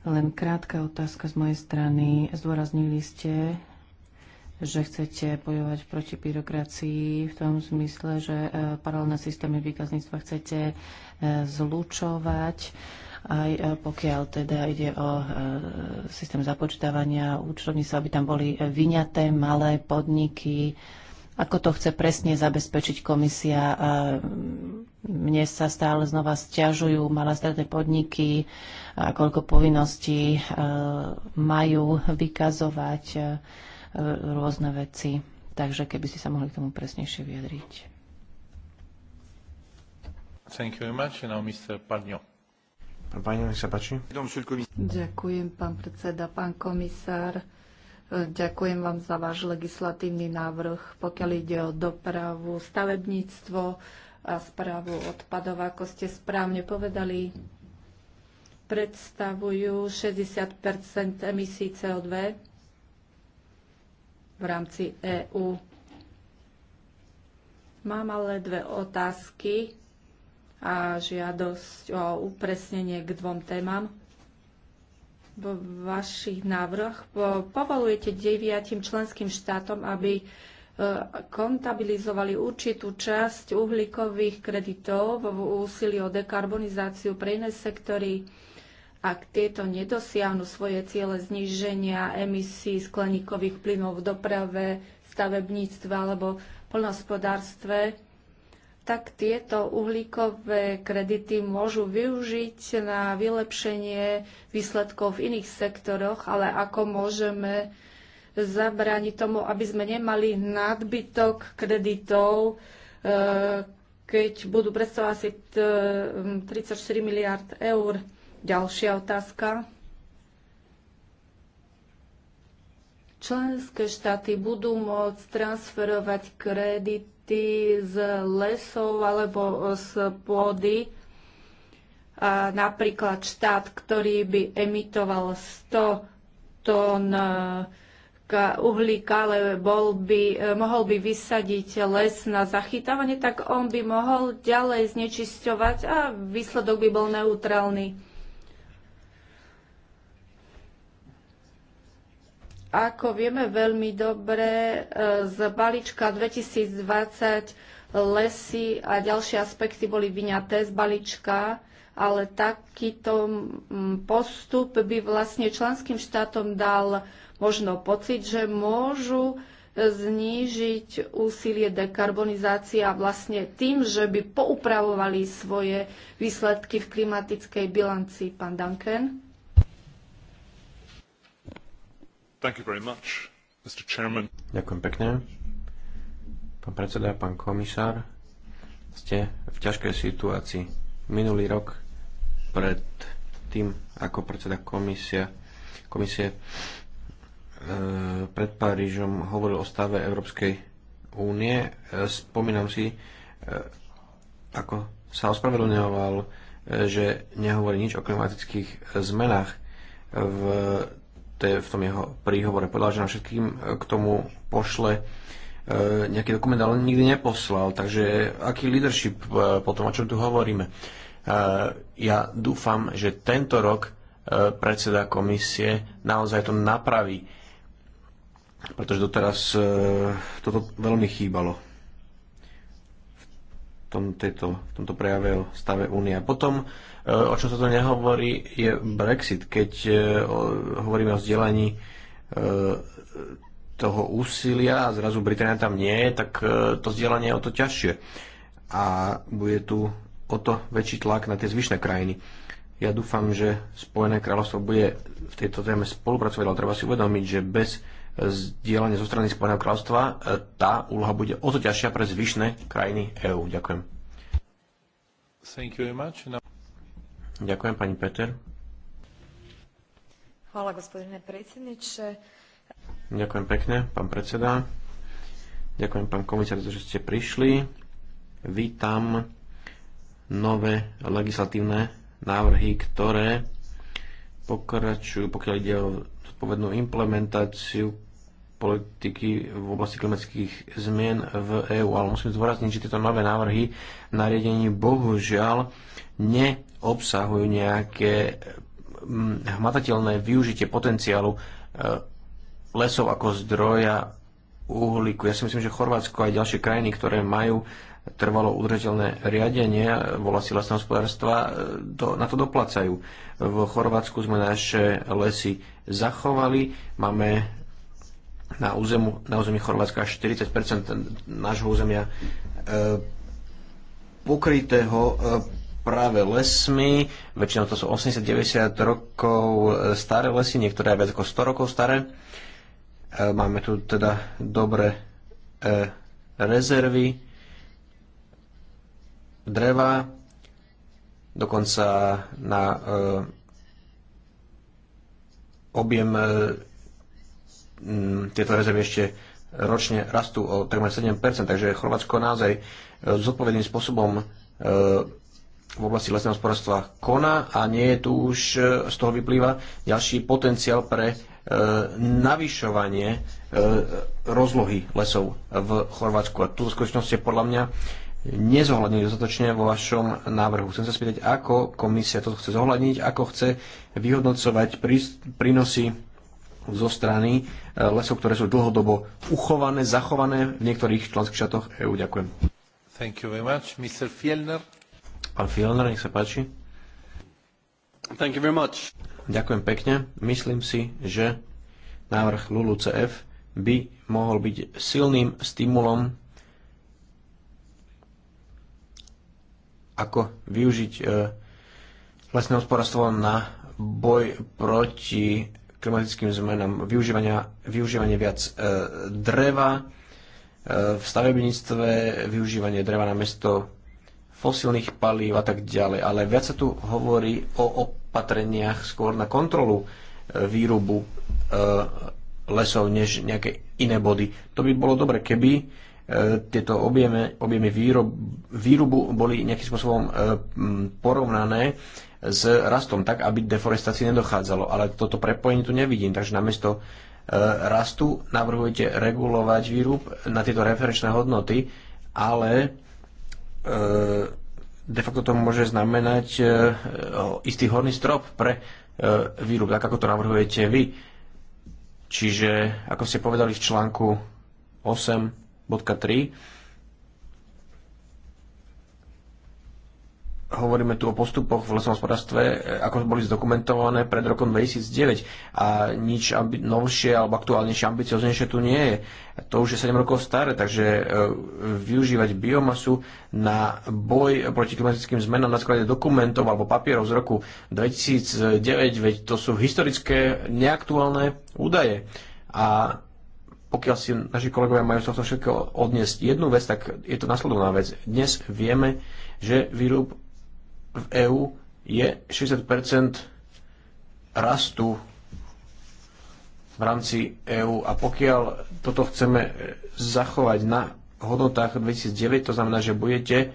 Len krátka otázka z mojej strany. Zdôraznili ste, že chcete bojovať proti byrokracii v tom zmysle, že e, paralelné systémy výkazníctva chcete e, zlučovať, aj e, pokiaľ teda ide o systém započítavania účtovníctva, aby tam boli vyňaté malé podniky. Ako to chce presne zabezpečiť komisia? Mne sa stále znova stiažujú malé stredné podniky, a koľko povinností e, majú vykazovať e, rôzne veci. Takže keby ste sa mohli k tomu presnejšie vyjadriť. Thank you very much. now Mr. Pagno. Pán Pagno, nech sa páči. Ďakujem, pán predseda, pán komisár. E, ďakujem vám za váš legislatívny návrh, pokiaľ ide o dopravu, stavebníctvo a správu odpadov. Ako ste správne povedali, predstavujú 60 emisí CO2 v rámci EÚ. Mám ale dve otázky a žiadosť o upresnenie k dvom témam. V vašich návrhoch povolujete deviatim členským štátom, aby e, kontabilizovali určitú časť uhlíkových kreditov v úsilí o dekarbonizáciu pre iné sektory ak tieto nedosiahnu svoje ciele zníženia emisí skleníkových plynov v doprave, stavebníctve alebo plnospodárstve, tak tieto uhlíkové kredity môžu využiť na vylepšenie výsledkov v iných sektoroch, ale ako môžeme zabrániť tomu, aby sme nemali nadbytok kreditov, e, keď budú predstavovať asi 34 miliard eur. Ďalšia otázka. Členské štáty budú môcť transferovať kredity z lesov alebo z pôdy. A napríklad štát, ktorý by emitoval 100 tón e, uhlíka, ale bol by, e, mohol by vysadiť les na zachytávanie, tak on by mohol ďalej znečisťovať a výsledok by bol neutrálny. Ako vieme veľmi dobre, eh, z balíčka 2020 lesy a ďalšie aspekty boli vyňaté z balíčka, ale takýto mm, postup by vlastne členským štátom dal možno pocit, že môžu eh, znížiť úsilie dekarbonizácie a vlastne tým, že by poupravovali svoje výsledky v klimatickej bilanci. Pán Duncan. Ďakujem pekne. Pán predseda, pán komisár, ste v ťažkej situácii. Minulý rok pred tým, ako predseda komisia, komisie e, pred Parížom hovoril o stave Európskej únie. E, spomínam si, e, ako sa ospravedlňoval, e, že nehovorí nič o klimatických zmenách. V to je v tom jeho príhovore. Povedal, že nám všetkým e, k tomu pošle e, nejaký dokument, ale nikdy neposlal. Takže aký leadership e, tom, o čom tu hovoríme? Ja dúfam, že tento rok predseda komisie naozaj to napraví, pretože doteraz toto veľmi chýbalo v, tom, tejto, v tomto prejave o stave únie. Potom O čom sa tu nehovorí je Brexit. Keď e, hovoríme o vzdelaní e, toho úsilia a zrazu Británia tam nie je, tak e, to vzdelanie je o to ťažšie. A bude tu o to väčší tlak na tie zvyšné krajiny. Ja dúfam, že Spojené kráľovstvo bude v tejto téme spolupracovať, ale treba si uvedomiť, že bez zdieľania zo strany Spojeného kráľovstva tá úloha bude o to ťažšia pre zvyšné krajiny EÚ. Ďakujem. Thank you very much. Now... Ďakujem pani Peter. Hvala, gospodine predsjedniče. Ďakujem pekne, pán predseda. Ďakujem, pán komisár, že ste prišli. Vítam nové legislatívne návrhy, ktoré pokračujú, pokiaľ ide o zodpovednú implementáciu politiky v oblasti klimatických zmien v EÚ. Ale musím zdôrazniť, že tieto nové návrhy nariadení bohužiaľ ne obsahujú nejaké mm, hmatateľné využitie potenciálu e, lesov ako zdroja uhlíku. Ja si myslím, že Chorvátsko aj ďalšie krajiny, ktoré majú trvalo udržateľné riadenie v oblasti lesného hospodárstva, to, e, na to doplacajú. V Chorvátsku sme naše lesy zachovali, máme na, územu, na území Chorvátska 40 nášho územia e, pokrytého e, práve lesmi, väčšinou to sú 80-90 rokov e, staré lesy, niektoré aj viac ako 100 rokov staré. E, máme tu teda dobré e, rezervy dreva, dokonca na objem tieto rezervy ešte ročne rastú o takmer 7%, takže Chorvátsko naozaj zodpovedným spôsobom v oblasti lesného hospodárstva koná a nie je tu už, e, z toho vyplýva ďalší potenciál pre e, navyšovanie e, rozlohy lesov v Chorvátsku. A túto skutočnosť je podľa mňa nezohľadnili dostatočne vo vašom návrhu. Chcem sa spýtať, ako komisia toto chce zohľadniť, ako chce vyhodnocovať prínosy zo strany e, lesov, ktoré sú dlhodobo uchované, zachované v niektorých členských štátoch EÚ. Ďakujem. Thank you very much. Mr. Fielner. Pán Fielner, nech sa páči. Thank you very much. Ďakujem pekne. Myslím si, že návrh LULUCF by mohol byť silným stimulom, ako využiť e, lesné hospodárstvo na boj proti klimatickým zmenám, využívania, využívanie viac e, dreva e, v stavebníctve, využívanie dreva na mesto fosílnych palív a tak ďalej. Ale viac sa tu hovorí o opatreniach skôr na kontrolu e, výrubu e, lesov než nejaké iné body. To by bolo dobre, keby e, tieto objemy, objemy výrob, výrubu boli nejakým spôsobom porovnané s rastom, tak aby deforestácii nedochádzalo. Ale toto prepojenie tu nevidím, takže namiesto rastu navrhujete regulovať výrub na tieto referenčné hodnoty, ale E, de facto to môže znamenať e, istý horný strop pre e, výrub, tak ako to navrhujete vy. Čiže, ako ste povedali v článku 8.3, hovoríme tu o postupoch v lesnom hospodárstve, e, ako boli zdokumentované pred rokom 2009 a nič ambi- novšie alebo aktuálnejšie, ambicioznejšie tu nie je. To už je 7 rokov staré, takže e, využívať biomasu na boj proti klimatickým zmenám na sklade dokumentov alebo papierov z roku 2009, veď to sú historické neaktuálne údaje. A pokiaľ si naši kolegovia majú z tohto všetkého odniesť jednu vec, tak je to nasledovná vec. Dnes vieme, že výrub v EÚ je 60 rastu v rámci EÚ. A pokiaľ toto chceme zachovať na hodnotách 2009, to znamená, že budete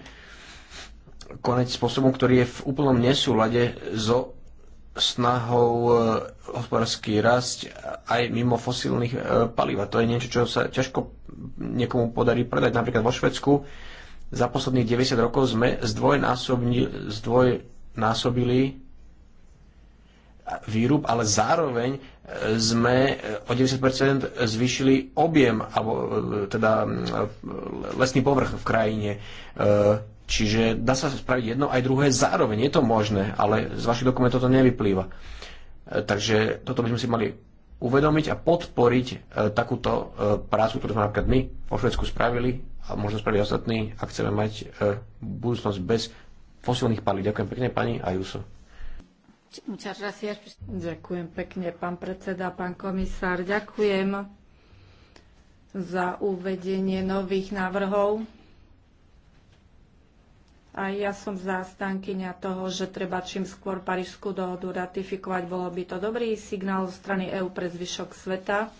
konať spôsobom, ktorý je v úplnom nesúlade so snahou e, hospodársky rast aj mimo fosílnych e, palív. A to je niečo, čo sa ťažko niekomu podarí predať. Napríklad vo Švedsku za posledných 90 rokov sme zdvojnásobili, zdvojnásobili výrub, ale zároveň e, sme e, o 90% zvýšili objem, alebo e, teda lesný povrch v krajine. Čiže dá sa spraviť jedno aj druhé zároveň. Je to možné, ale z vašich dokumentov to nevyplýva. Takže toto by sme si mali uvedomiť a podporiť takúto prácu, ktorú sme napríklad my vo Švedsku spravili a možno spravili ostatní, ak chceme mať e, budúcnosť bez fosilných palív. Ďakujem pekne, pani Ajuso. Ďakujem pekne, pán predseda, pán komisár. Ďakujem za uvedenie nových návrhov. A ja som zástankyňa toho, že treba čím skôr Parížskú dohodu ratifikovať. Bolo by to dobrý signál zo strany EÚ pre zvyšok sveta.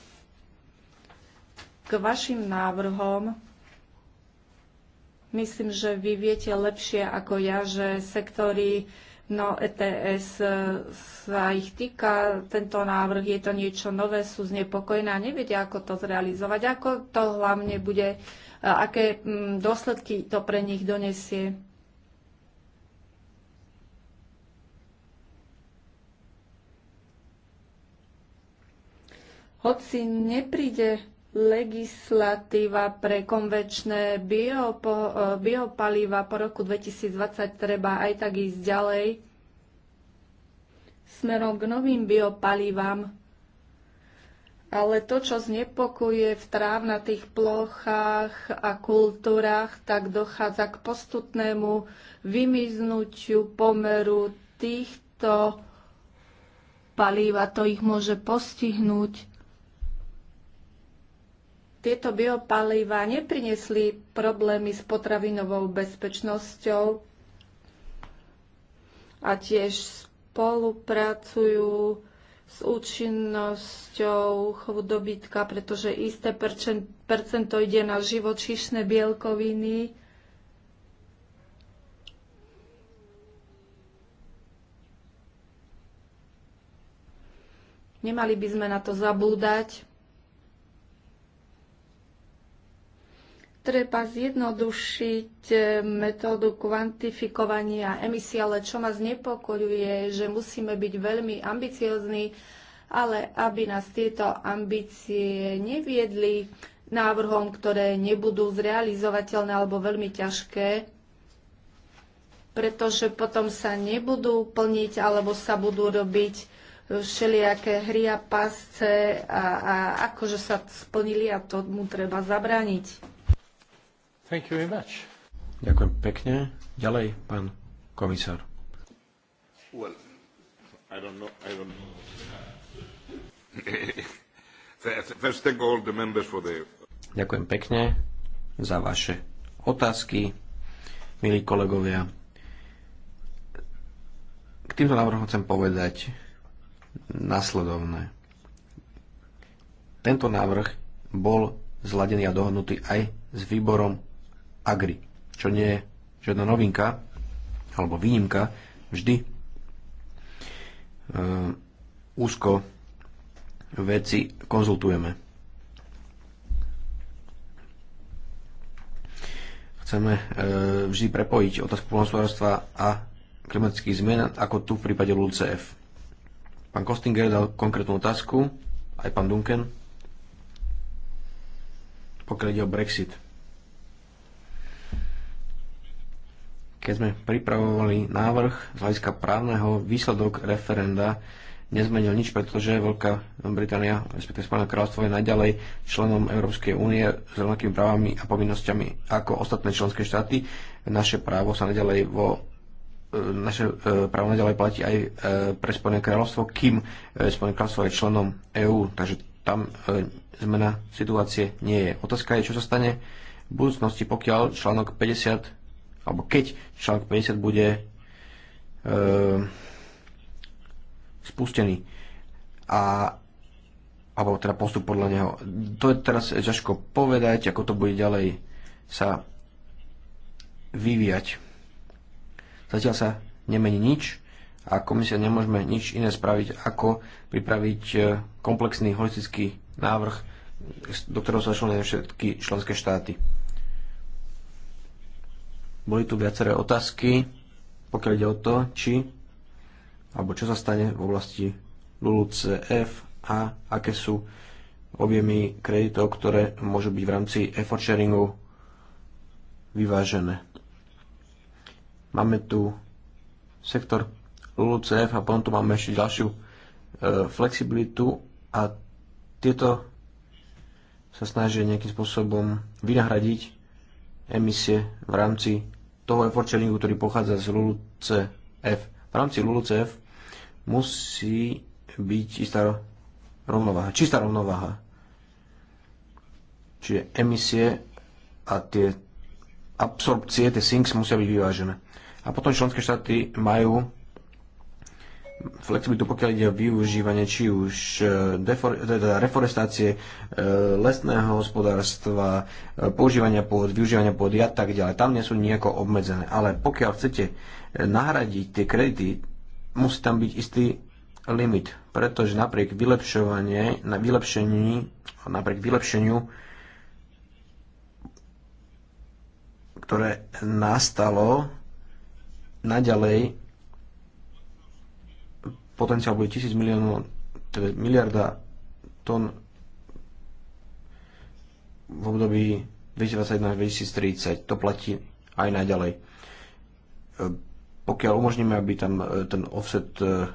K vašim návrhom Myslím, že vy viete lepšie ako ja, že sektory no ETS sa ich týka, tento návrh je to niečo nové, sú a nevedia, ako to zrealizovať, ako to hlavne bude, e, aké mm, dôsledky to pre nich donesie. Hoci nepríde legislatíva pre konvečné biopo, e, biopaliva po roku 2020 treba aj tak ísť ďalej smerom k novým biopalivám. Ale to, čo znepokuje v trávnatých plochách a kultúrach, tak dochádza k postupnému vymiznutiu pomeru týchto palív a to ich môže postihnúť tieto biopalíva neprinesli problémy s potravinovou bezpečnosťou a tiež spolupracujú s účinnosťou chovu dobytka, pretože isté percento ide na živočíšne bielkoviny. Nemali by sme na to zabúdať. Treba zjednodušiť eh, metódu kvantifikovania emisí, ale čo ma znepokojuje, že musíme byť veľmi ambiciozní, ale aby nás tieto ambície neviedli návrhom, ktoré nebudú zrealizovateľné alebo veľmi ťažké, pretože potom sa nebudú plniť alebo sa budú robiť eh, všelijaké hry a pasce a, a akože sa splnili a tomu treba zabrániť. Thank you very much. Ďakujem pekne. Ďalej, pán komisár. Well, I don't know, I don't know. First, thank all the members for Ďakujem pekne za vaše otázky, milí kolegovia. K týmto návrhom chcem povedať nasledovné. Tento návrh bol zladený a dohodnutý aj s výborom Agri, čo nie je žiadna novinka alebo výnimka, vždy uh, úzko veci konzultujeme. Chceme uh, vždy prepojiť otázku polnospodárstva a klimatických zmien, ako tu v prípade LULCF. Pán Kostinger dal konkrétnu otázku, aj pán Duncan, pokiaľ ide o Brexit. keď sme pripravovali návrh z hľadiska právneho, výsledok referenda nezmenil nič, pretože Veľká Británia, respektíve Spojené kráľovstvo, je naďalej členom Európskej únie s rovnakými právami a povinnosťami ako ostatné členské štáty. Naše právo sa naďalej vo e, naše e, právo naďalej platí aj e, pre Spojené kráľovstvo, kým Spojené kráľovstvo je členom EÚ, takže tam zmena situácie nie je. Otázka je, čo sa stane v budúcnosti, pokiaľ článok 50 alebo keď článok 50 bude e, spustený a alebo teda postup podľa neho. To je teraz ťažko povedať, ako to bude ďalej sa vyvíjať. Zatiaľ sa nemení nič a komisia nemôžeme nič iné spraviť, ako pripraviť e, komplexný holistický návrh, do ktorého sa všetky členské štáty. Boli tu viaceré otázky, pokiaľ ide o to, či alebo čo sa stane v oblasti LULUCF a aké sú objemy kreditov, ktoré môžu byť v rámci effort sharingu vyvážené. Máme tu sektor LULUCF a potom tu máme ešte ďalšiu e, flexibilitu a tieto sa snažia nejakým spôsobom vynahradiť emisie v rámci toho eforčelingu, ktorý pochádza z LULUCF. V rámci LULUCF musí byť istá rovnováha, čistá rovnováha. Čiže emisie a tie absorpcie, tie sinks musia byť vyvážené. A potom členské štáty majú flexibilitu, pokiaľ ide o využívanie či už e, defor- teda reforestácie e, lesného hospodárstva, e, používania pôd, využívania pôdy a tak ďalej. Tam nie sú nejako obmedzené. Ale pokiaľ chcete nahradiť tie kredity, musí tam byť istý limit, pretože napriek vylepšovanie, na vylepšení, napriek vylepšeniu, ktoré nastalo, naďalej potenciál bude 1000 miliónov, teda miliarda tón v období 2021-2030. To platí aj naďalej. E, pokiaľ umožníme, aby tam e, ten offset e,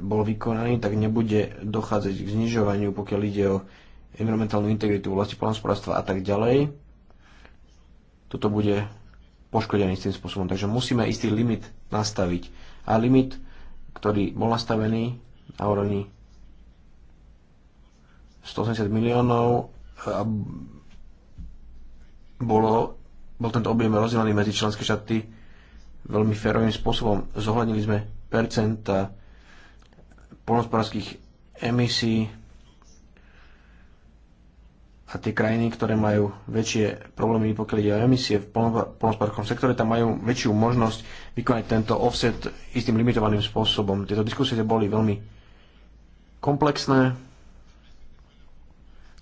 bol vykonaný, tak nebude dochádzať k znižovaniu, pokiaľ ide o environmentálnu integritu vlasti plnohospodárstva a tak ďalej. Toto bude poškodený s tým spôsobom. Takže musíme istý limit nastaviť. A limit ktorý bol nastavený na úrovni 180 miliónov a bolo, bol tento objem rozdelený medzi členské štáty veľmi férovým spôsobom. Zohľadnili sme percenta polnospodárských emisí a tie krajiny, ktoré majú väčšie problémy, pokiaľ ide o emisie v polnospodárskom sektore, tam majú väčšiu možnosť vykonať tento offset istým limitovaným spôsobom. Tieto diskusie boli veľmi komplexné,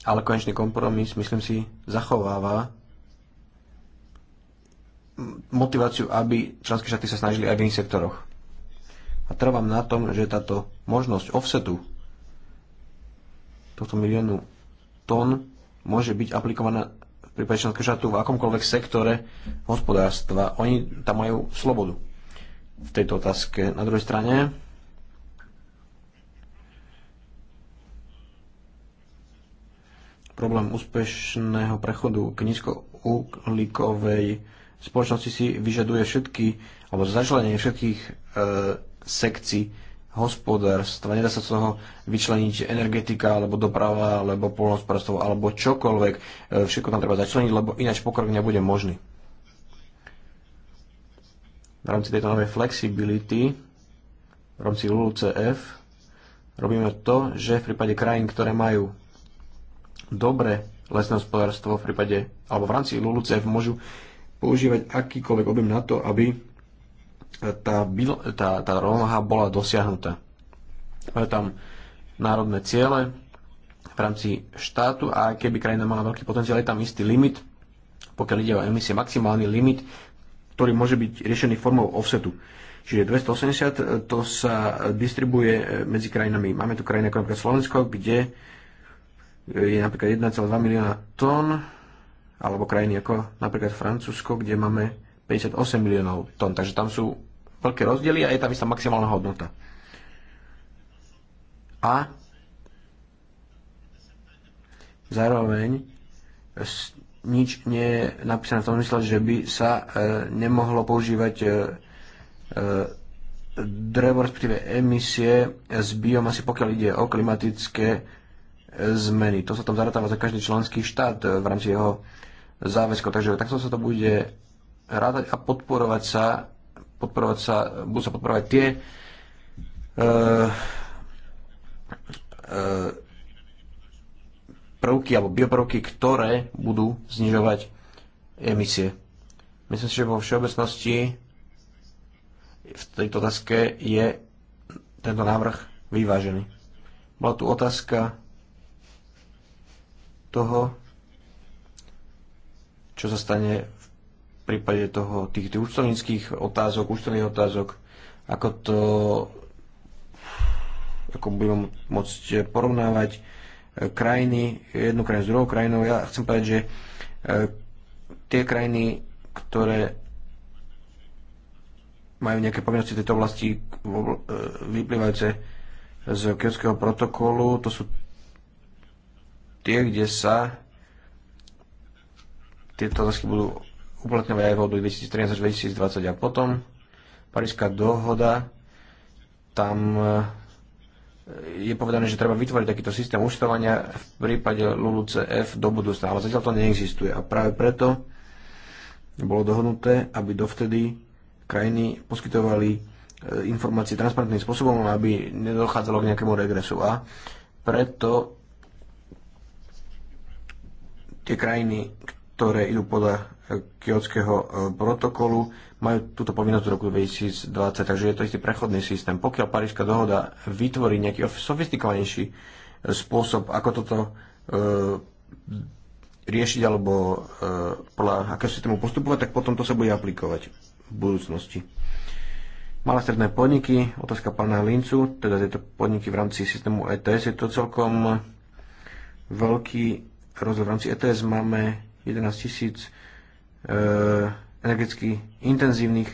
ale konečný kompromis, myslím si, zachováva motiváciu, aby členské štáty sa snažili aj v iných sektoroch. A trvám na tom, že táto možnosť offsetu tohto miliónu tón môže byť aplikovaná v prípade členského štátu v akomkoľvek sektore hospodárstva. Oni tam majú slobodu v tejto otázke. Na druhej strane problém úspešného prechodu k nízkouhlíkovej spoločnosti si vyžaduje všetky, alebo začlenenie všetkých e, sekcií hospodárstva. Nedá sa z toho vyčleniť energetika, alebo doprava, alebo polnohospodárstvo, alebo čokoľvek. E, všetko tam treba začleniť, lebo ináč pokrok nebude možný. V rámci tejto novej flexibility, v rámci LULCF, robíme to, že v prípade krajín, ktoré majú dobré lesné hospodárstvo, v prípade, alebo v rámci LULCF môžu používať akýkoľvek objem na to, aby tá, tá, tá rovnováha bola dosiahnutá. Majú tam národné ciele v rámci štátu a keby krajina mala veľký potenciál, je tam istý limit, pokiaľ ide o emisie, maximálny limit, ktorý môže byť riešený formou offsetu. Čiže 280 e, to sa distribuje e, medzi krajinami. Máme tu krajiny ako napríklad Slovensko, kde e, je napríklad 1,2 milióna tón, alebo krajiny ako napríklad Francúzsko, kde máme 58 miliónov tón. Takže tam sú veľké rozdiely a je tam istá maximálna hodnota. A zároveň nič nie je napísané v tom zmysle, že by sa e, nemohlo používať e, e drevo, respektíve emisie z biomasy, pokiaľ ide o klimatické e, zmeny. To sa tam zaratáva za každý členský štát e, v rámci jeho záväzkov. Takže takto sa to bude rátať a podporovať sa, podporovať sa, budú sa podporovať tie e, e, prvky alebo bioprvky, ktoré budú znižovať emisie. Myslím si, že vo všeobecnosti v tejto otázke je tento návrh vyvážený. Bola tu otázka toho, čo sa stane v prípade toho, tých, tých účtovníckých otázok, účtovných otázok, ako to ako budeme môcť porovnávať e, krajiny, jednu krajinu s druhou krajinou. Ja chcem povedať, že e, tie krajiny, ktoré majú nejaké povinnosti tejto oblasti e, vyplývajúce z Kyotského protokolu, to sú tie, kde sa tieto otázky budú uplatňovať aj v období 2013-2020 a potom. Parížská dohoda, tam e, je povedané, že treba vytvoriť takýto systém účtovania v prípade LULUCF do budúcna, ale zatiaľ to neexistuje a práve preto bolo dohodnuté, aby dovtedy krajiny poskytovali e, informácie transparentným spôsobom, aby nedochádzalo k nejakému regresu. A preto tie krajiny, ktoré idú podľa kiotského e, protokolu, majú túto povinnosť do roku 2020, takže je to istý prechodný systém. Pokiaľ Parížska dohoda vytvorí nejaký sofistikovanejší e, spôsob, ako toto e, riešiť alebo e, podľa akého systému postupovať, tak potom to sa bude aplikovať v budúcnosti. Malé stredné podniky, otázka pána Lincu, teda tieto podniky v rámci systému ETS, je to celkom veľký rozdiel. V rámci ETS máme 11 000. Eh, energeticky intenzívnych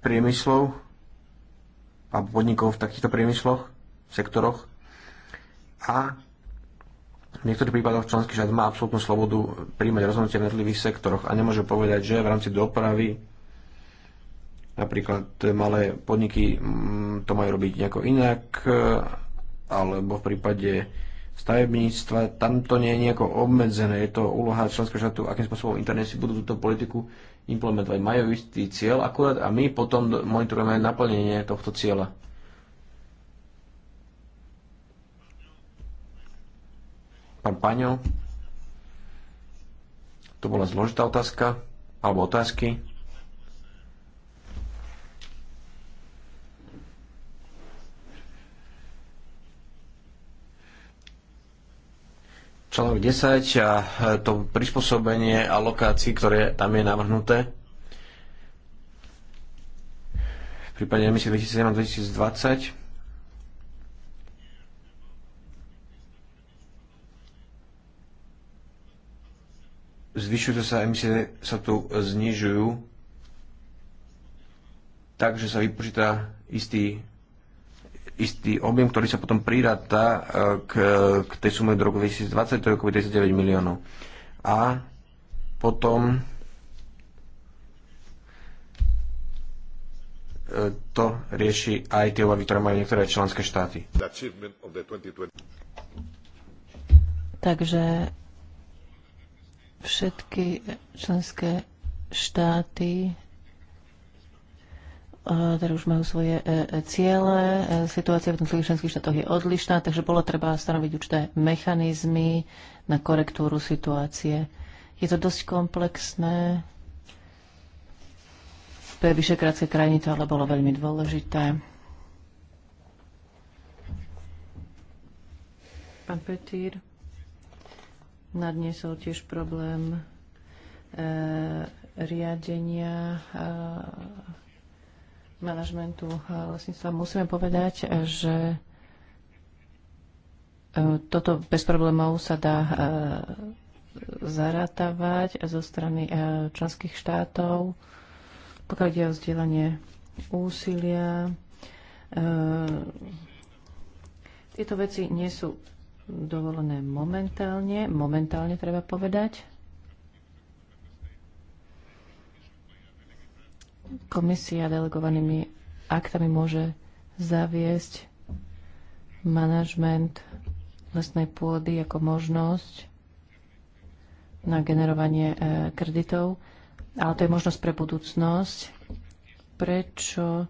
priemyslov alebo podnikov v takýchto priemysloch, v sektoroch a v niektorých prípadoch členský štát má absolútnu slobodu príjmať rozhodnutia v jednotlivých sektoroch a nemôže povedať, že v rámci dopravy napríklad malé podniky mm, to majú robiť nejako inak eh, alebo v prípade stavebníctva, tam to nie je nejako obmedzené. Je to úloha členského štátu, akým spôsobom internet si budú túto politiku implementovať. Majú istý cieľ akurát a my potom monitorujeme naplnenie tohto cieľa. Pán Paňo, to bola zložitá otázka, alebo otázky. článok 10 a e, to prispôsobenie a lokácii, ktoré tam je navrhnuté v prípade emisie 2017-2020 zvyšujú sa emisie sa tu znižujú takže sa vypočíta istý istý objem, ktorý sa potom priráta e, k, k tej sume do roku 2020, to je okolo 39 miliónov. A potom e, to rieši aj tie obavy, ktoré majú niektoré členské štáty. Takže všetky členské štáty ktoré už majú svoje e, e, ciele. E, situácia v jednotlivých členských štátoch je odlišná, takže bolo treba stanoviť určité mechanizmy na korektúru situácie. Je to dosť komplexné. Pre vyšekrátske krajiny to ale bolo veľmi dôležité. Pán Petír nadniesol tiež problém e, riadenia e, manažmentu eh, lesníctva musíme povedať, eh, že eh, toto bez problémov sa dá zarátavať zo strany členských štátov, pokiaľ ide o vzdielanie úsilia. Tieto veci nie sú dovolené momentálne, momentálne treba povedať. komisia delegovanými aktami môže zaviesť manažment lesnej pôdy ako možnosť na generovanie e, kreditov, ale to je možnosť pre budúcnosť. Prečo e,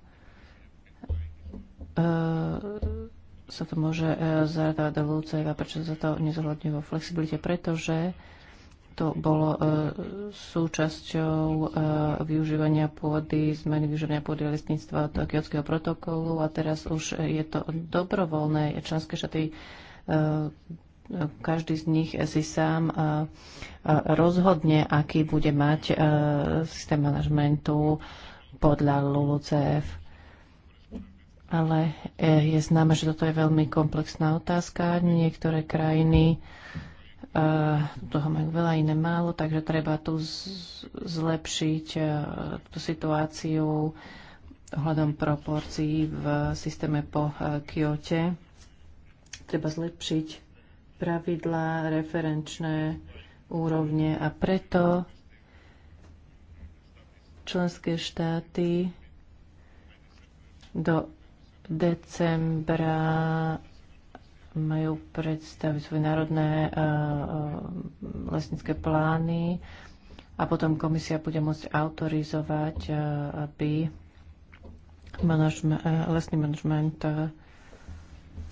sa to môže e, zaradávať do LUCEV a prečo sa to nezohľadňuje vo flexibilite? Pretože to bolo e, súčasťou e, využívania pôdy, zmeny využívania pôdy lesníctva do Kyotského protokolu a teraz už je to dobrovoľné. Členské štáty e, každý z nich si sám rozhodne, aký bude mať systém manažmentu podľa LULUCF. Ale je známe, že toto je veľmi komplexná otázka. Niektoré krajiny E, toho majú veľa iné málo, takže treba tu zlepšiť e, tú situáciu ohľadom proporcií v systéme po e, Kyote. Treba zlepšiť pravidlá, referenčné úrovne a preto členské štáty do decembra majú predstaviť svoje národné e, e, lesnícke plány a potom komisia bude môcť autorizovať, e, aby manažme, lesný manažment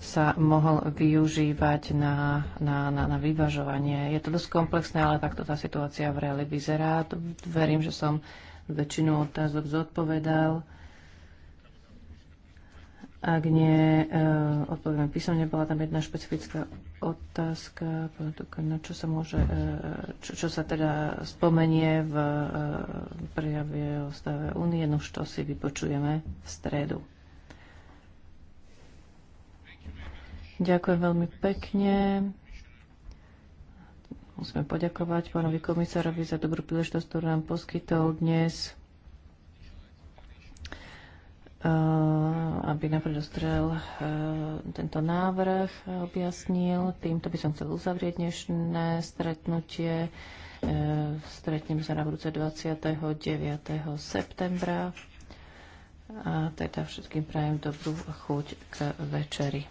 sa mohol využívať na, na, na, na vyvažovanie. Je to dosť komplexné, ale takto tá situácia v reáli vyzerá. Verím, že som väčšinu otázok zodpovedal. Ak nie, e, odpoviem písomne. Bola tam jedna špecifická otázka, na no, čo sa môže, e, čo, čo sa teda spomenie v e, prejave o stave únie, no čo si vypočujeme v stredu. Ďakujem veľmi pekne. Musíme poďakovať pánovi komisárovi za dobrú príležitosť, ktorú nám poskytol dnes. Eh, aby napredostrel eh, tento návrh eh, objasnil. Týmto by som chcel uzavrieť dnešné stretnutie. Stretnem sa na budúce 29. septembra. A teda všetkým prajem dobrú chuť k večeri.